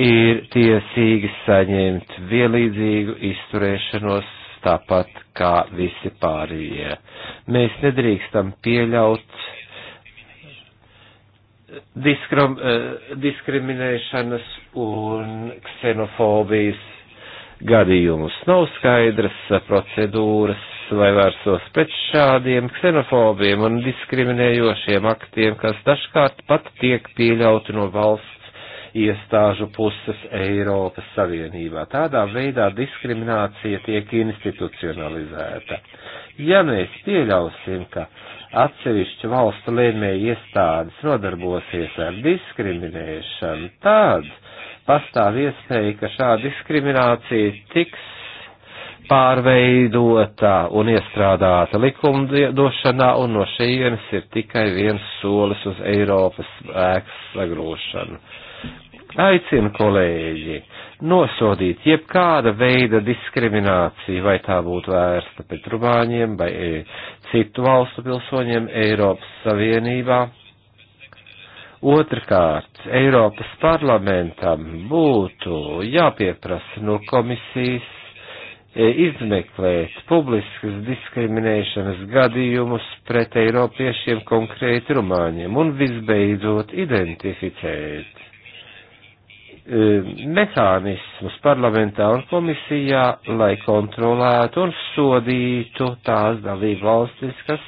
ir tiesīgi saņemt vienlīdzīgu izturēšanos tāpat kā visi pārējie. Mēs nedrīkstam pieļaut eh, diskrim, eh, diskriminēšanas un ksenofobijas gadījumus. Nav skaidras procedūras, lai vērsos pret šādiem ksenofobiem un diskriminējošiem aktiem, kas dažkārt pat tiek pieļauti no valsts iestāžu puses Eiropas Savienībā. Tādā veidā diskriminācija tiek institucionalizēta. Ja mēs pieļausim, ka atsevišķu valstu lēmēji iestādes nodarbosies ar diskriminēšanu, tad pastāv iespēja, ka šāda diskriminācija tiks pārveidota un iestrādāta likumdošanā, un no šejienes ir tikai viens solis uz Eiropas spēks sagrošanu. Aicinu kolēģi nosodīt jebkāda veida diskrimināciju, vai tā būtu vērsta pret rumāņiem vai e, citu valstu pilsoņiem Eiropas Savienībā. Otrkārt, Eiropas parlamentam būtu jāpieprasa no komisijas e, izmeklēt publiskas diskriminēšanas gadījumus pret eiropiešiem konkrēti rumāņiem un visbeidzot identificēt E, mehānismus parlamentā un komisijā, lai kontrolētu un sodītu tās dalību valstis, kas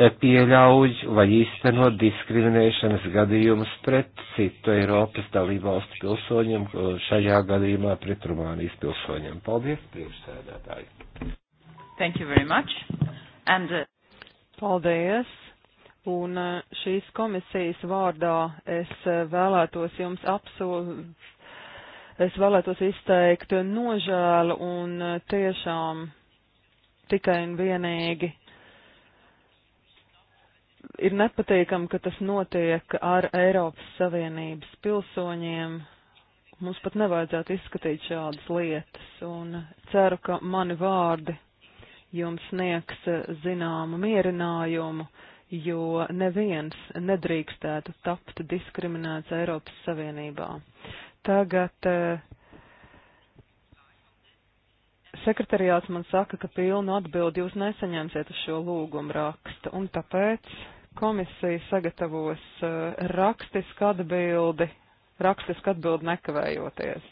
e, pieļauj vai īsteno diskriminēšanas gadījumus pret citu Eiropas dalību valstu pilsoņiem, šajā gadījumā pret Rumānijas pilsoņiem. Paldies, priekšsēdētāji! Thank you very much. And, uh... Paldies! Un eh, šīs komisijas vārdā es eh, vēlētos jums apsolu, es vēlētos izteikt nožēlu un eh, tiešām tikai un vienīgi ir nepatīkami, ka tas notiek ar Eiropas Savienības pilsoņiem. Mums pat nevajadzētu izskatīt šādas lietas un ceru, ka mani vārdi jums sniegs zināmu mierinājumu jo neviens nedrīkstētu tapt diskriminēts Eiropas Savienībā. Tagad eh, sekretariāts man saka, ka pilnu atbildi jūs nesaņemsiet uz šo lūgumu rakstu, un tāpēc komisija sagatavos eh, rakstisku atbildi, rakstisku atbildi nekavējoties.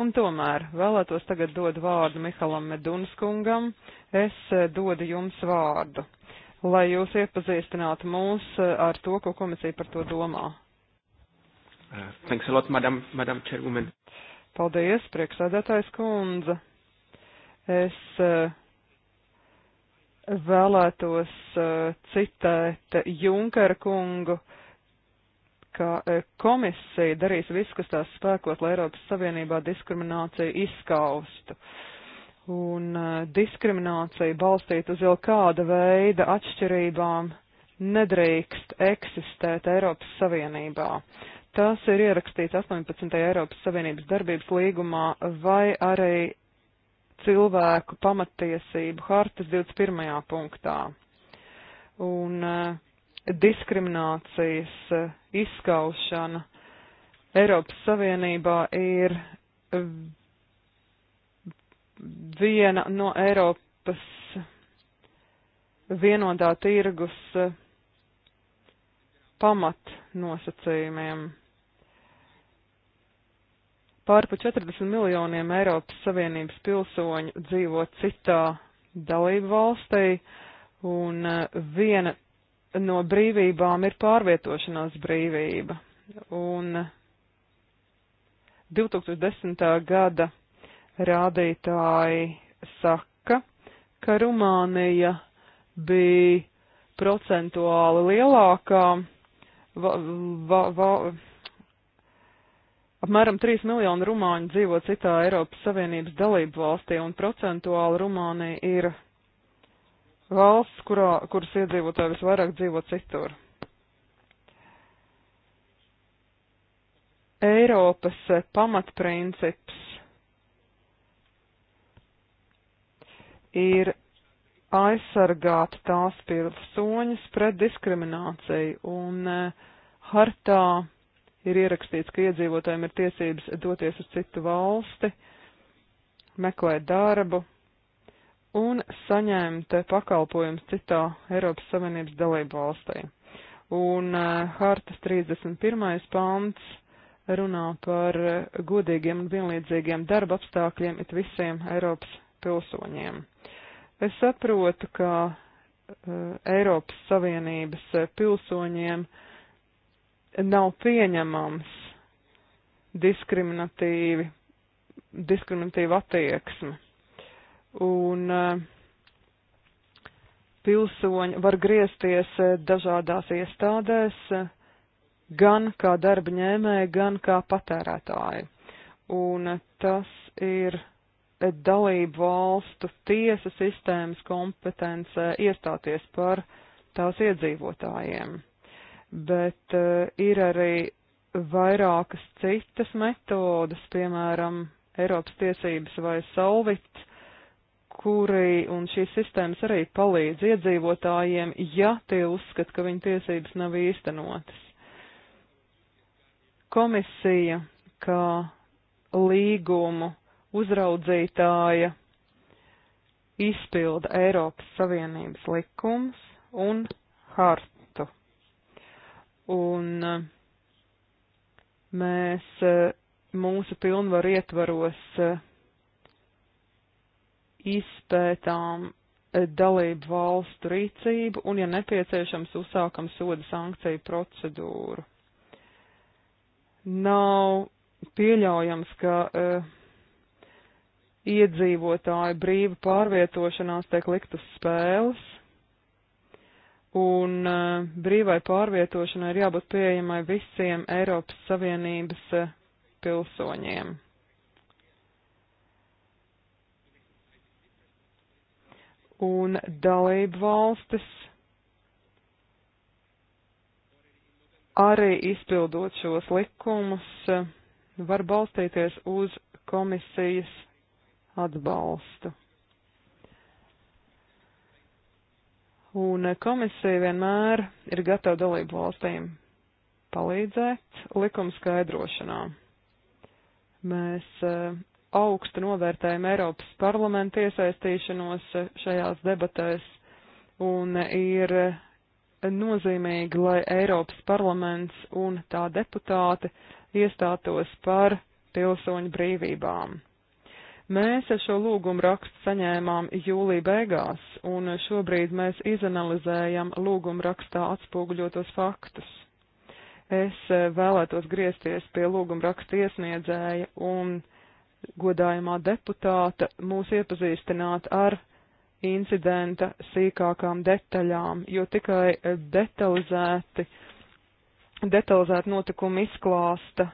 Un tomēr vēlētos tagad dod vārdu Mihalam Medunskungam. Es eh, dodu jums vārdu lai jūs iepazīstinātu mūs eh, ar to, ko komisija par to domā. Uh, thanks a lot, madam, madam chairwoman. Paldies, prieksēdētājs kundze. Es uh, vēlētos uh, citēt Junkera kungu, ka komisija darīs visu, kas tās spēkot, lai Eiropas Savienībā diskrimināciju izskaustu. Uh, un diskriminācija balstīta uz jau kāda veida atšķirībām nedrīkst eksistēt Eiropas Savienībā. Tas ir ierakstīts 18. Eiropas Savienības darbības līgumā vai arī cilvēku pamatiesību hartas 21. punktā. Un uh, diskriminācijas uh, izskaušana Eiropas Savienībā ir uh, viena no Eiropas vienotā tirgus eh, pamatnosacījumiem. Pār pa 40 miljoniem Eiropas Savienības pilsoņu dzīvo citā dalību valstī, un eh, viena no brīvībām ir pārvietošanās brīvība. Un 2010. Eh, gada rādītāji saka, ka Rumānija bija procentuāli lielākā, va, va, va, apmēram 3 miljoni rumāņu dzīvo citā Eiropas Savienības dalību valstī, un procentuāli Rumānija ir valsts, kurā, kuras iedzīvotāji visvairāk dzīvo citur. Eiropas pamatprincips ir aizsargāt tās pilsoņas pret diskrimināciju, un eh, hartā ir ierakstīts, ka iedzīvotājiem ir tiesības doties uz citu valsti, meklēt darbu un saņemt pakalpojumus citā Eiropas Savienības dalību valstī. Un eh, hartas 31. pants runā par eh, godīgiem un vienlīdzīgiem darba apstākļiem it visiem Eiropas pilsoņiem. Es saprotu, ka e, Eiropas Savienības e, pilsoņiem nav pieņemams diskriminatīvi, diskriminatīva attieksme. Un e, pilsoņi var griezties dažādās iestādēs, gan kā darba ņēmēji, gan kā patērētāji. Un tas ir dalību valstu tiesa sistēmas kompetence iestāties par tās iedzīvotājiem. Bet eh, ir arī vairākas citas metodas, piemēram, Eiropas tiesības vai Solvit, kuri un šīs sistēmas arī palīdz iedzīvotājiem, ja tie uzskata, ka viņu tiesības nav īstenotas. Komisija, kā līgumu uzraudzītāja izpilda Eiropas Savienības likums un hartu. Un eh, mēs eh, mūsu pilnvaru ietvaros eh, izpētām dalību valstu rīcību un, ja nepieciešams, uzsākam soda sankciju procedūru. Nav pieļaujams, ka uh, iedzīvotāju brīva pārvietošanās tiek liktas spēles, un uh, brīvai pārvietošanai ir jābūt pieejamai visiem Eiropas Savienības uh, pilsoņiem. Un dalību valstis arī izpildot šos likumus e, var balstīties uz komisijas atbalstu. Un komisija vienmēr ir gatava dalību valstīm palīdzēt likuma skaidrošanā. Mēs eh, augstu novērtējam Eiropas parlamentu iesaistīšanos eh, šajās debatēs un eh, ir nozīmīgi, lai Eiropas parlaments un tā deputāti iestātos par pilsoņu brīvībām. Mēs šo lūgumu rakstu saņēmām jūlija beigās, un šobrīd mēs izanalizējam lūgumu rakstā atspoguļotos faktus. Es e, vēlētos griezties pie lūgumu rakstu iesniedzēja un godājumā deputāta mūs iepazīstināt ar incidenta sīkākām detaļām, jo tikai detalizēti, detalizēti notikumi izklāsta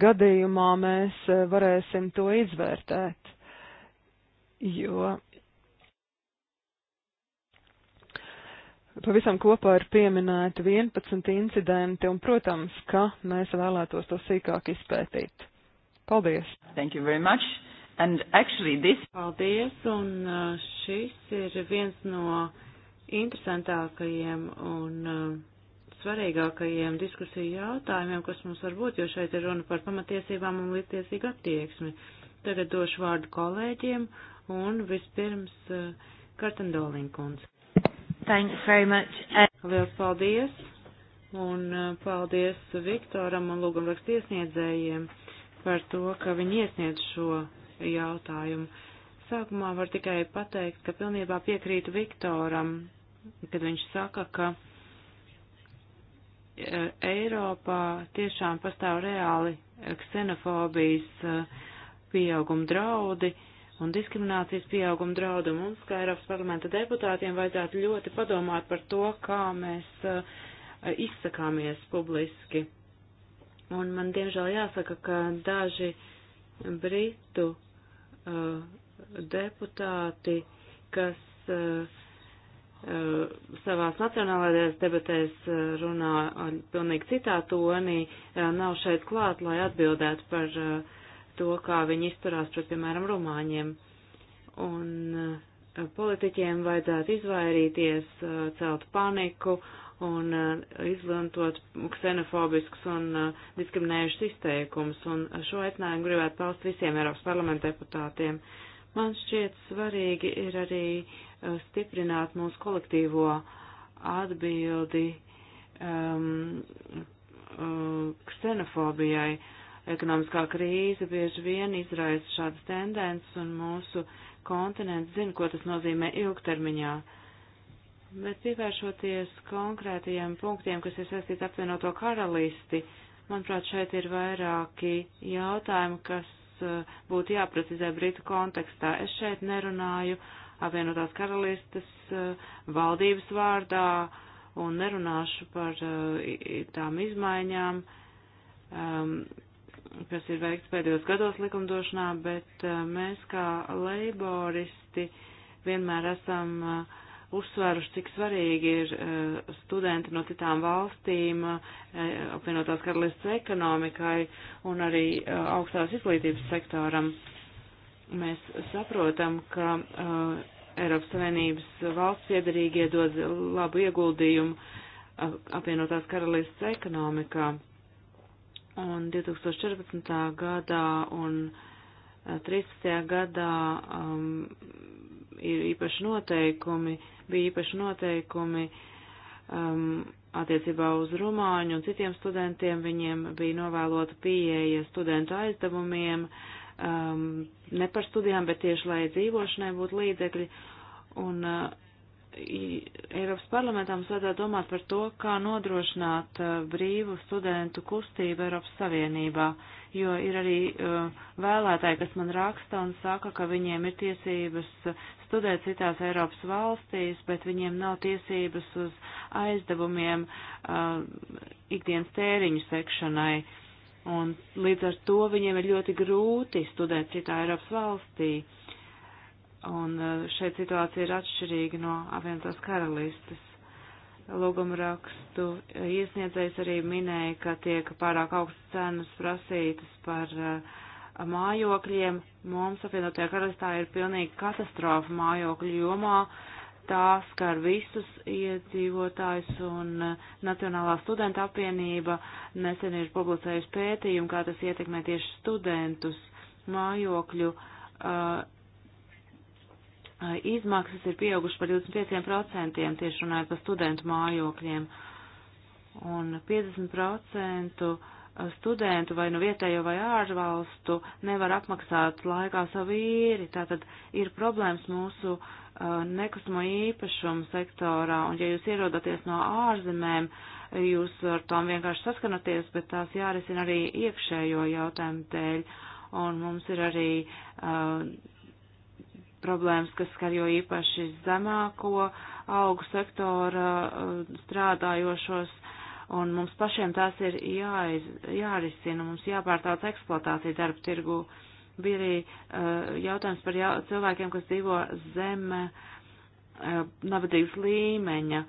gadījumā mēs e, varēsim to izvērtēt, jo pavisam kopā ir pieminēti 11 incidenti, un, protams, ka mēs vēlētos to sīkāk izpētīt. Paldies! Thank you very much! And actually this... Paldies, un e, šis ir viens no interesantākajiem un e, svarīgākajiem diskusiju jautājumiem, kas mums var būt, jo šeit ir runa par pamatiesībām un līdztiesīgu attieksmi. Tagad došu vārdu kolēģiem un vispirms uh, eh, Kartendolinkundze. Thanks very much. Uh, Liels paldies un uh, paldies Viktoram un lūgumrakstiesniedzējiem par to, ka viņi iesniedz šo jautājumu. Sākumā var tikai pateikt, ka pilnībā piekrītu Viktoram, kad viņš saka, ka E, Eiropā tiešām pastāv reāli e, ksenofobijas e, pieauguma draudi un diskriminācijas pieauguma draudi, un mums, kā Eiropas parlamenta deputātiem, vajadzētu ļoti padomāt par to, kā mēs izsakāmies publiski. Un man, diemžēl, jāsaka, ka daži britu uh, deputāti, kas uh, Uh, savās nacionālajās debatēs uh, runā ar pilnīgi citā tonī, uh, nav šeit klāt, lai atbildētu par to, kā viņi izturās pret, piemēram, rumāņiem. Un politiķiem vajadzētu izvairīties, celt paniku un izlantot ksenofobiskus un diskriminējušus izteikumus. Un šo aicinājumu gribētu paust visiem Eiropas parlamenta deputātiem. Man šķiet svarīgi ir arī uh, stiprināt mūsu kolektīvo atbildi um, um, ksenofobijai. Ekonomiskā krīze bieži vien izraisa šādas tendences, un mūsu kontinents zina, ko tas nozīmē ilgtermiņā. Bet pievēršoties konkrētajiem punktiem, kas ir saistīti apvienoto karalisti, manuprāt, šeit ir vairāki jautājumi, kas uh, būtu jāprecizē Britu kontekstā. Es šeit nerunāju apvienotās karalistas eh, valdības vārdā un nerunāšu par eh, tām izmaiņām, ehm, kas ir veikts pēdējos gados likumdošanā, bet eh, mēs kā leiboristi vienmēr esam uzsvēruši, cik svarīgi ir studenti no citām valstīm, apvienotās karalistas ekonomikai un arī augstās izglītības sektoram Mēs saprotam, ka uh, Eiropas Savienības valsts piedarīgie dod labu ieguldījumu uh, apvienotās karalistas ekonomikā. Un 2014. gadā un 2013. Uh, gadā um, ir īpaši noteikumi, bija īpaši noteikumi um, attiecībā uz rumāņu un citiem studentiem. Viņiem bija novēlota pieeja studentu aizdevumiem. Uh, um, ne par studijām, bet tieši lai dzīvošanai būtu līdzekļi. Un uh, Eiropas parlamentā mums vajadzētu domāt par to, kā nodrošināt uh, brīvu studentu kustību Eiropas Savienībā, jo ir arī uh, vēlētāji, kas man raksta un saka, ka viņiem ir tiesības studēt citās Eiropas valstīs, bet viņiem nav tiesības uz aizdevumiem uh, ikdienas tēriņu sekšanai. Uh, Un līdz ar to viņiem ir ļoti grūti studēt citā Eiropas valstī. Un uh, šeit situācija ir atšķirīga no apvienotās karalistes. Lūgumrakstu iesniedzējs arī minēja, ka tiek pārāk augstas cenas prasītas par uh, mājokļiem. Mums apvienotajā karalistā ir pilnīgi katastrofa mājokļu jomā. Uh, tā skar visus iedzīvotājus un eh, Nacionālā studenta apvienība nesen ir publicējusi pētījumu, kā tas ietekmē tieši studentus mājokļu. Uh, izmaksas ir pieaugušas par 25% tieši runājot par studentu mājokļiem. Un 50% studentu vai nu vietējo vai ārvalstu nevar apmaksāt laikā savu vīri. Tātad ir problēmas mūsu uh, Uh, nekustamo īpašumu sektorā, un ja jūs ierodaties no ārzemēm, jūs ar tām vienkārši saskanaties, bet tās jārisina arī iekšējo jautājumu dēļ, un mums ir arī uh, problēmas, kas skar jo īpaši zemāko augu sektora uh, strādājošos, un mums pašiem tās ir jāiz, jārisina, mums jāpārtauc eksploatācija darba tirgu. Uh, Bija arī uh, jautājums par jau, cilvēkiem, kas dzīvo zem uh, eh, nabadzības līmeņa.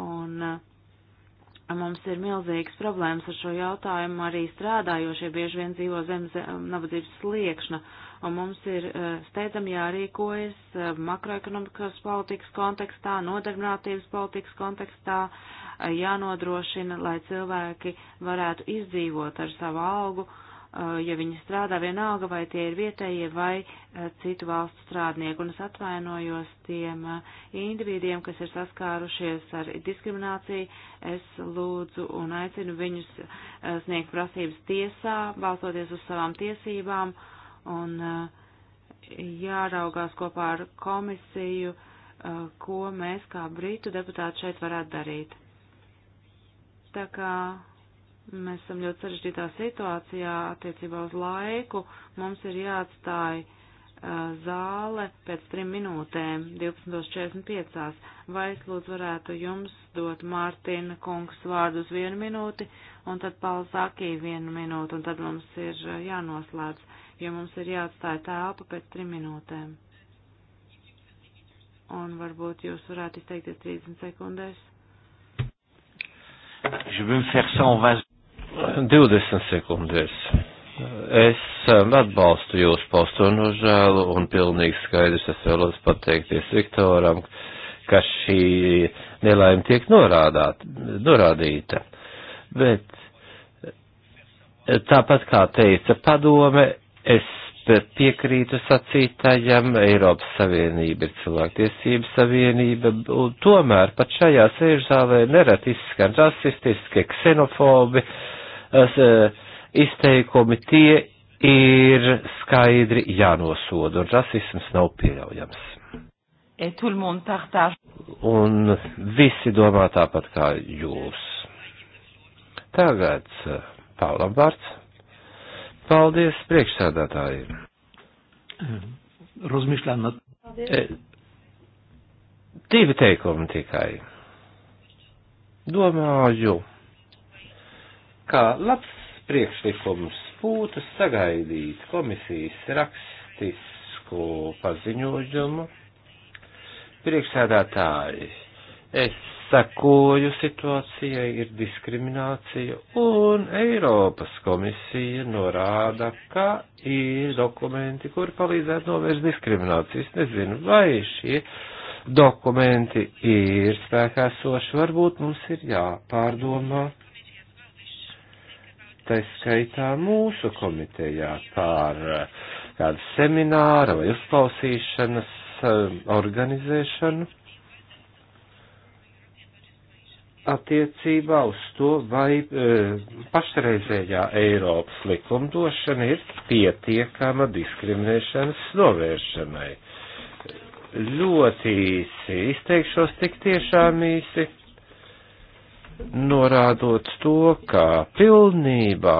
Un uh, mums ir milzīgas problēmas ar šo jautājumu. Arī strādājošie bieži vien dzīvo zem, zem nabadzības sliekšņa. Un mums ir uh, steidzami jārīkojas uh, makroekonomikas politikas kontekstā, nodarbinātības politikas kontekstā, uh, jānodrošina, lai cilvēki varētu izdzīvot ar savu algu. Uh, Uh, ja viņi strādā vienalga, vai tie ir vietējie vai uh, citu valstu strādnieki. Un es atvainojos tiem uh, individiem, kas ir saskārušies ar diskrimināciju. Es lūdzu un aicinu viņus sniegt prasības tiesā, balstoties uz savām tiesībām un jāraugās kopā ar komisiju, ko mēs kā Britu deputāti šeit varētu darīt. Tā kā Mēs esam ļoti sarežģītā situācijā attiecībā uz laiku. Mums ir jāatstāj zāle pēc trim minūtēm, 12.45. Vai es lūdzu varētu jums dot Mārtina kungs vārdu uz vienu minūti, un tad Palsākī vienu minūtu, un tad mums ir jānoslēdz, jo mums ir jāatstāja telpa pēc trim minūtēm. Un varbūt jūs varētu izteikties 30 sekundēs. Je veux me faire ça en vase. 20 sekundēs. Es um, atbalstu jūsu postu nožēlu un pilnīgi skaidrs es vēlos pateikties Viktoram, ka šī nelaime tiek norādāt, norādīta. Bet tāpat kā teica padome, es piekrītu sacītājam, Eiropas Savienība ir cilvēktiesība savienība, un tomēr pat šajā sēžzālē nerad izskan rasistiski, ksenofobi, uh, E, izteikumi, tie ir skaidri jānosoda, un rasisms nav pieļaujams. Un visi domā tāpat kā jūs. Tagad e, Pāvlam vārds. Paldies priekšsēdētājiem. Rozmišļāna. E, divi teikumi tikai. Domāju kā labs priekšlikums būtu sagaidīt komisijas rakstisku paziņojumu. Priekšsēdētāji, es sekoju situācijai, ir diskriminācija, un Eiropas komisija norāda, ka ir dokumenti, kuri palīdzētu novērst diskriminācijas. Nezinu, vai šie dokumenti ir spēkā soši, varbūt mums ir jāpārdomā tā skaitā mūsu komitejā par eh, kādu semināru vai uzklausīšanas eh, organizēšanu attiecībā uz to, vai e, pašreizējā Eiropas likumdošana ir pietiekama diskriminēšanas novēršanai. Ļoti īsi izteikšos tik tiešām īsi norādot to, ka pilnībā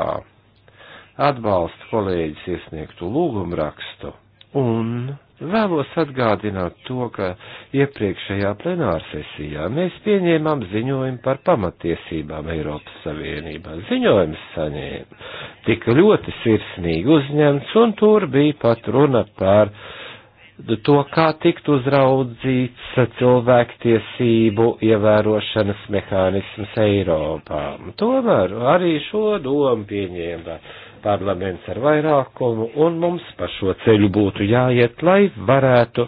atbalsta kolēģis iesniegtu lūgumu rakstu un vēlos atgādināt to, ka iepriekšējā plenārsesijā mēs pieņēmām ziņojumu par pamatiesībām Eiropas Savienībā. Ziņojums saņēma, tika ļoti sirsnīgi uzņemts un tur bija pat runa par uh, to, kā tikt uzraudzīts cilvēktiesību ievērošanas mehānisms Eiropā. Tomēr arī šo domu pieņēma parlaments ar vairākumu, un mums pa šo ceļu būtu jāiet, lai varētu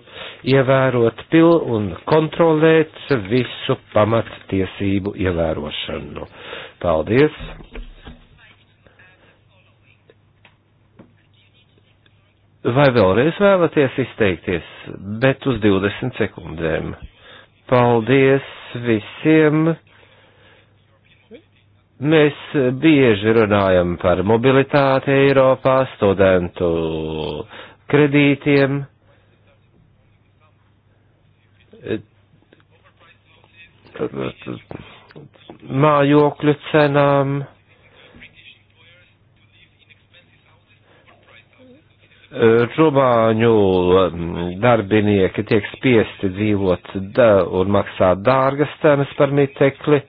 ievērot pil un kontrolēt visu pamattiesību ievērošanu. Paldies! Vai vēlreiz vēlaties izteikties, bet uz 20 sekundēm? Paldies visiem! Mēs bieži runājam par mobilitāti Eiropā, studentu kredītiem. mājokļu cenām Rumāņu um, darbinieki tiek spiesti dzīvot da, un maksāt dārgas cenas par mitekli,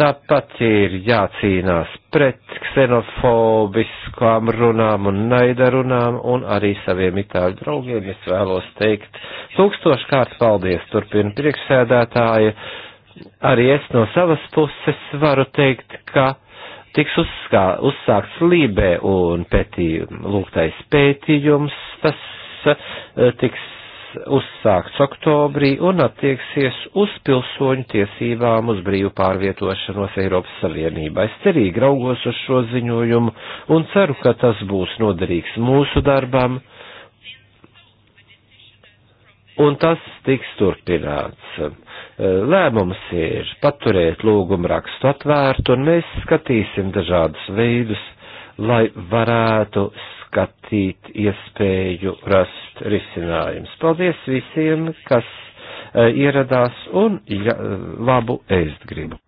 tāpat ir jācīnās pret ksenofobiskām runām un naidarunām, un arī saviem itāļu draugiem es vēlos teikt tūkstoškārt paldies, turpina priekšsēdētāja. Arī es no savas puses varu teikt, ka tiks uzskā, uzsākts Lībē un pētī, lūgtais pētījums, tas eh, tiks uzsākts oktobrī un attieksies uz pilsoņu tiesībām uz brīvu pārvietošanos Eiropas Savienībā. Es cerīgi raugos uz šo ziņojumu un ceru, ka tas būs noderīgs mūsu darbam un tas tiks turpināts. Eh, lēmums ir paturēt lūgumu rakstu atvērtu, un mēs skatīsim dažādus veidus, lai varētu skatīt iespēju rast risinājums. Paldies visiem, kas eh, ieradās, un ja, eh, labu ēst gribu!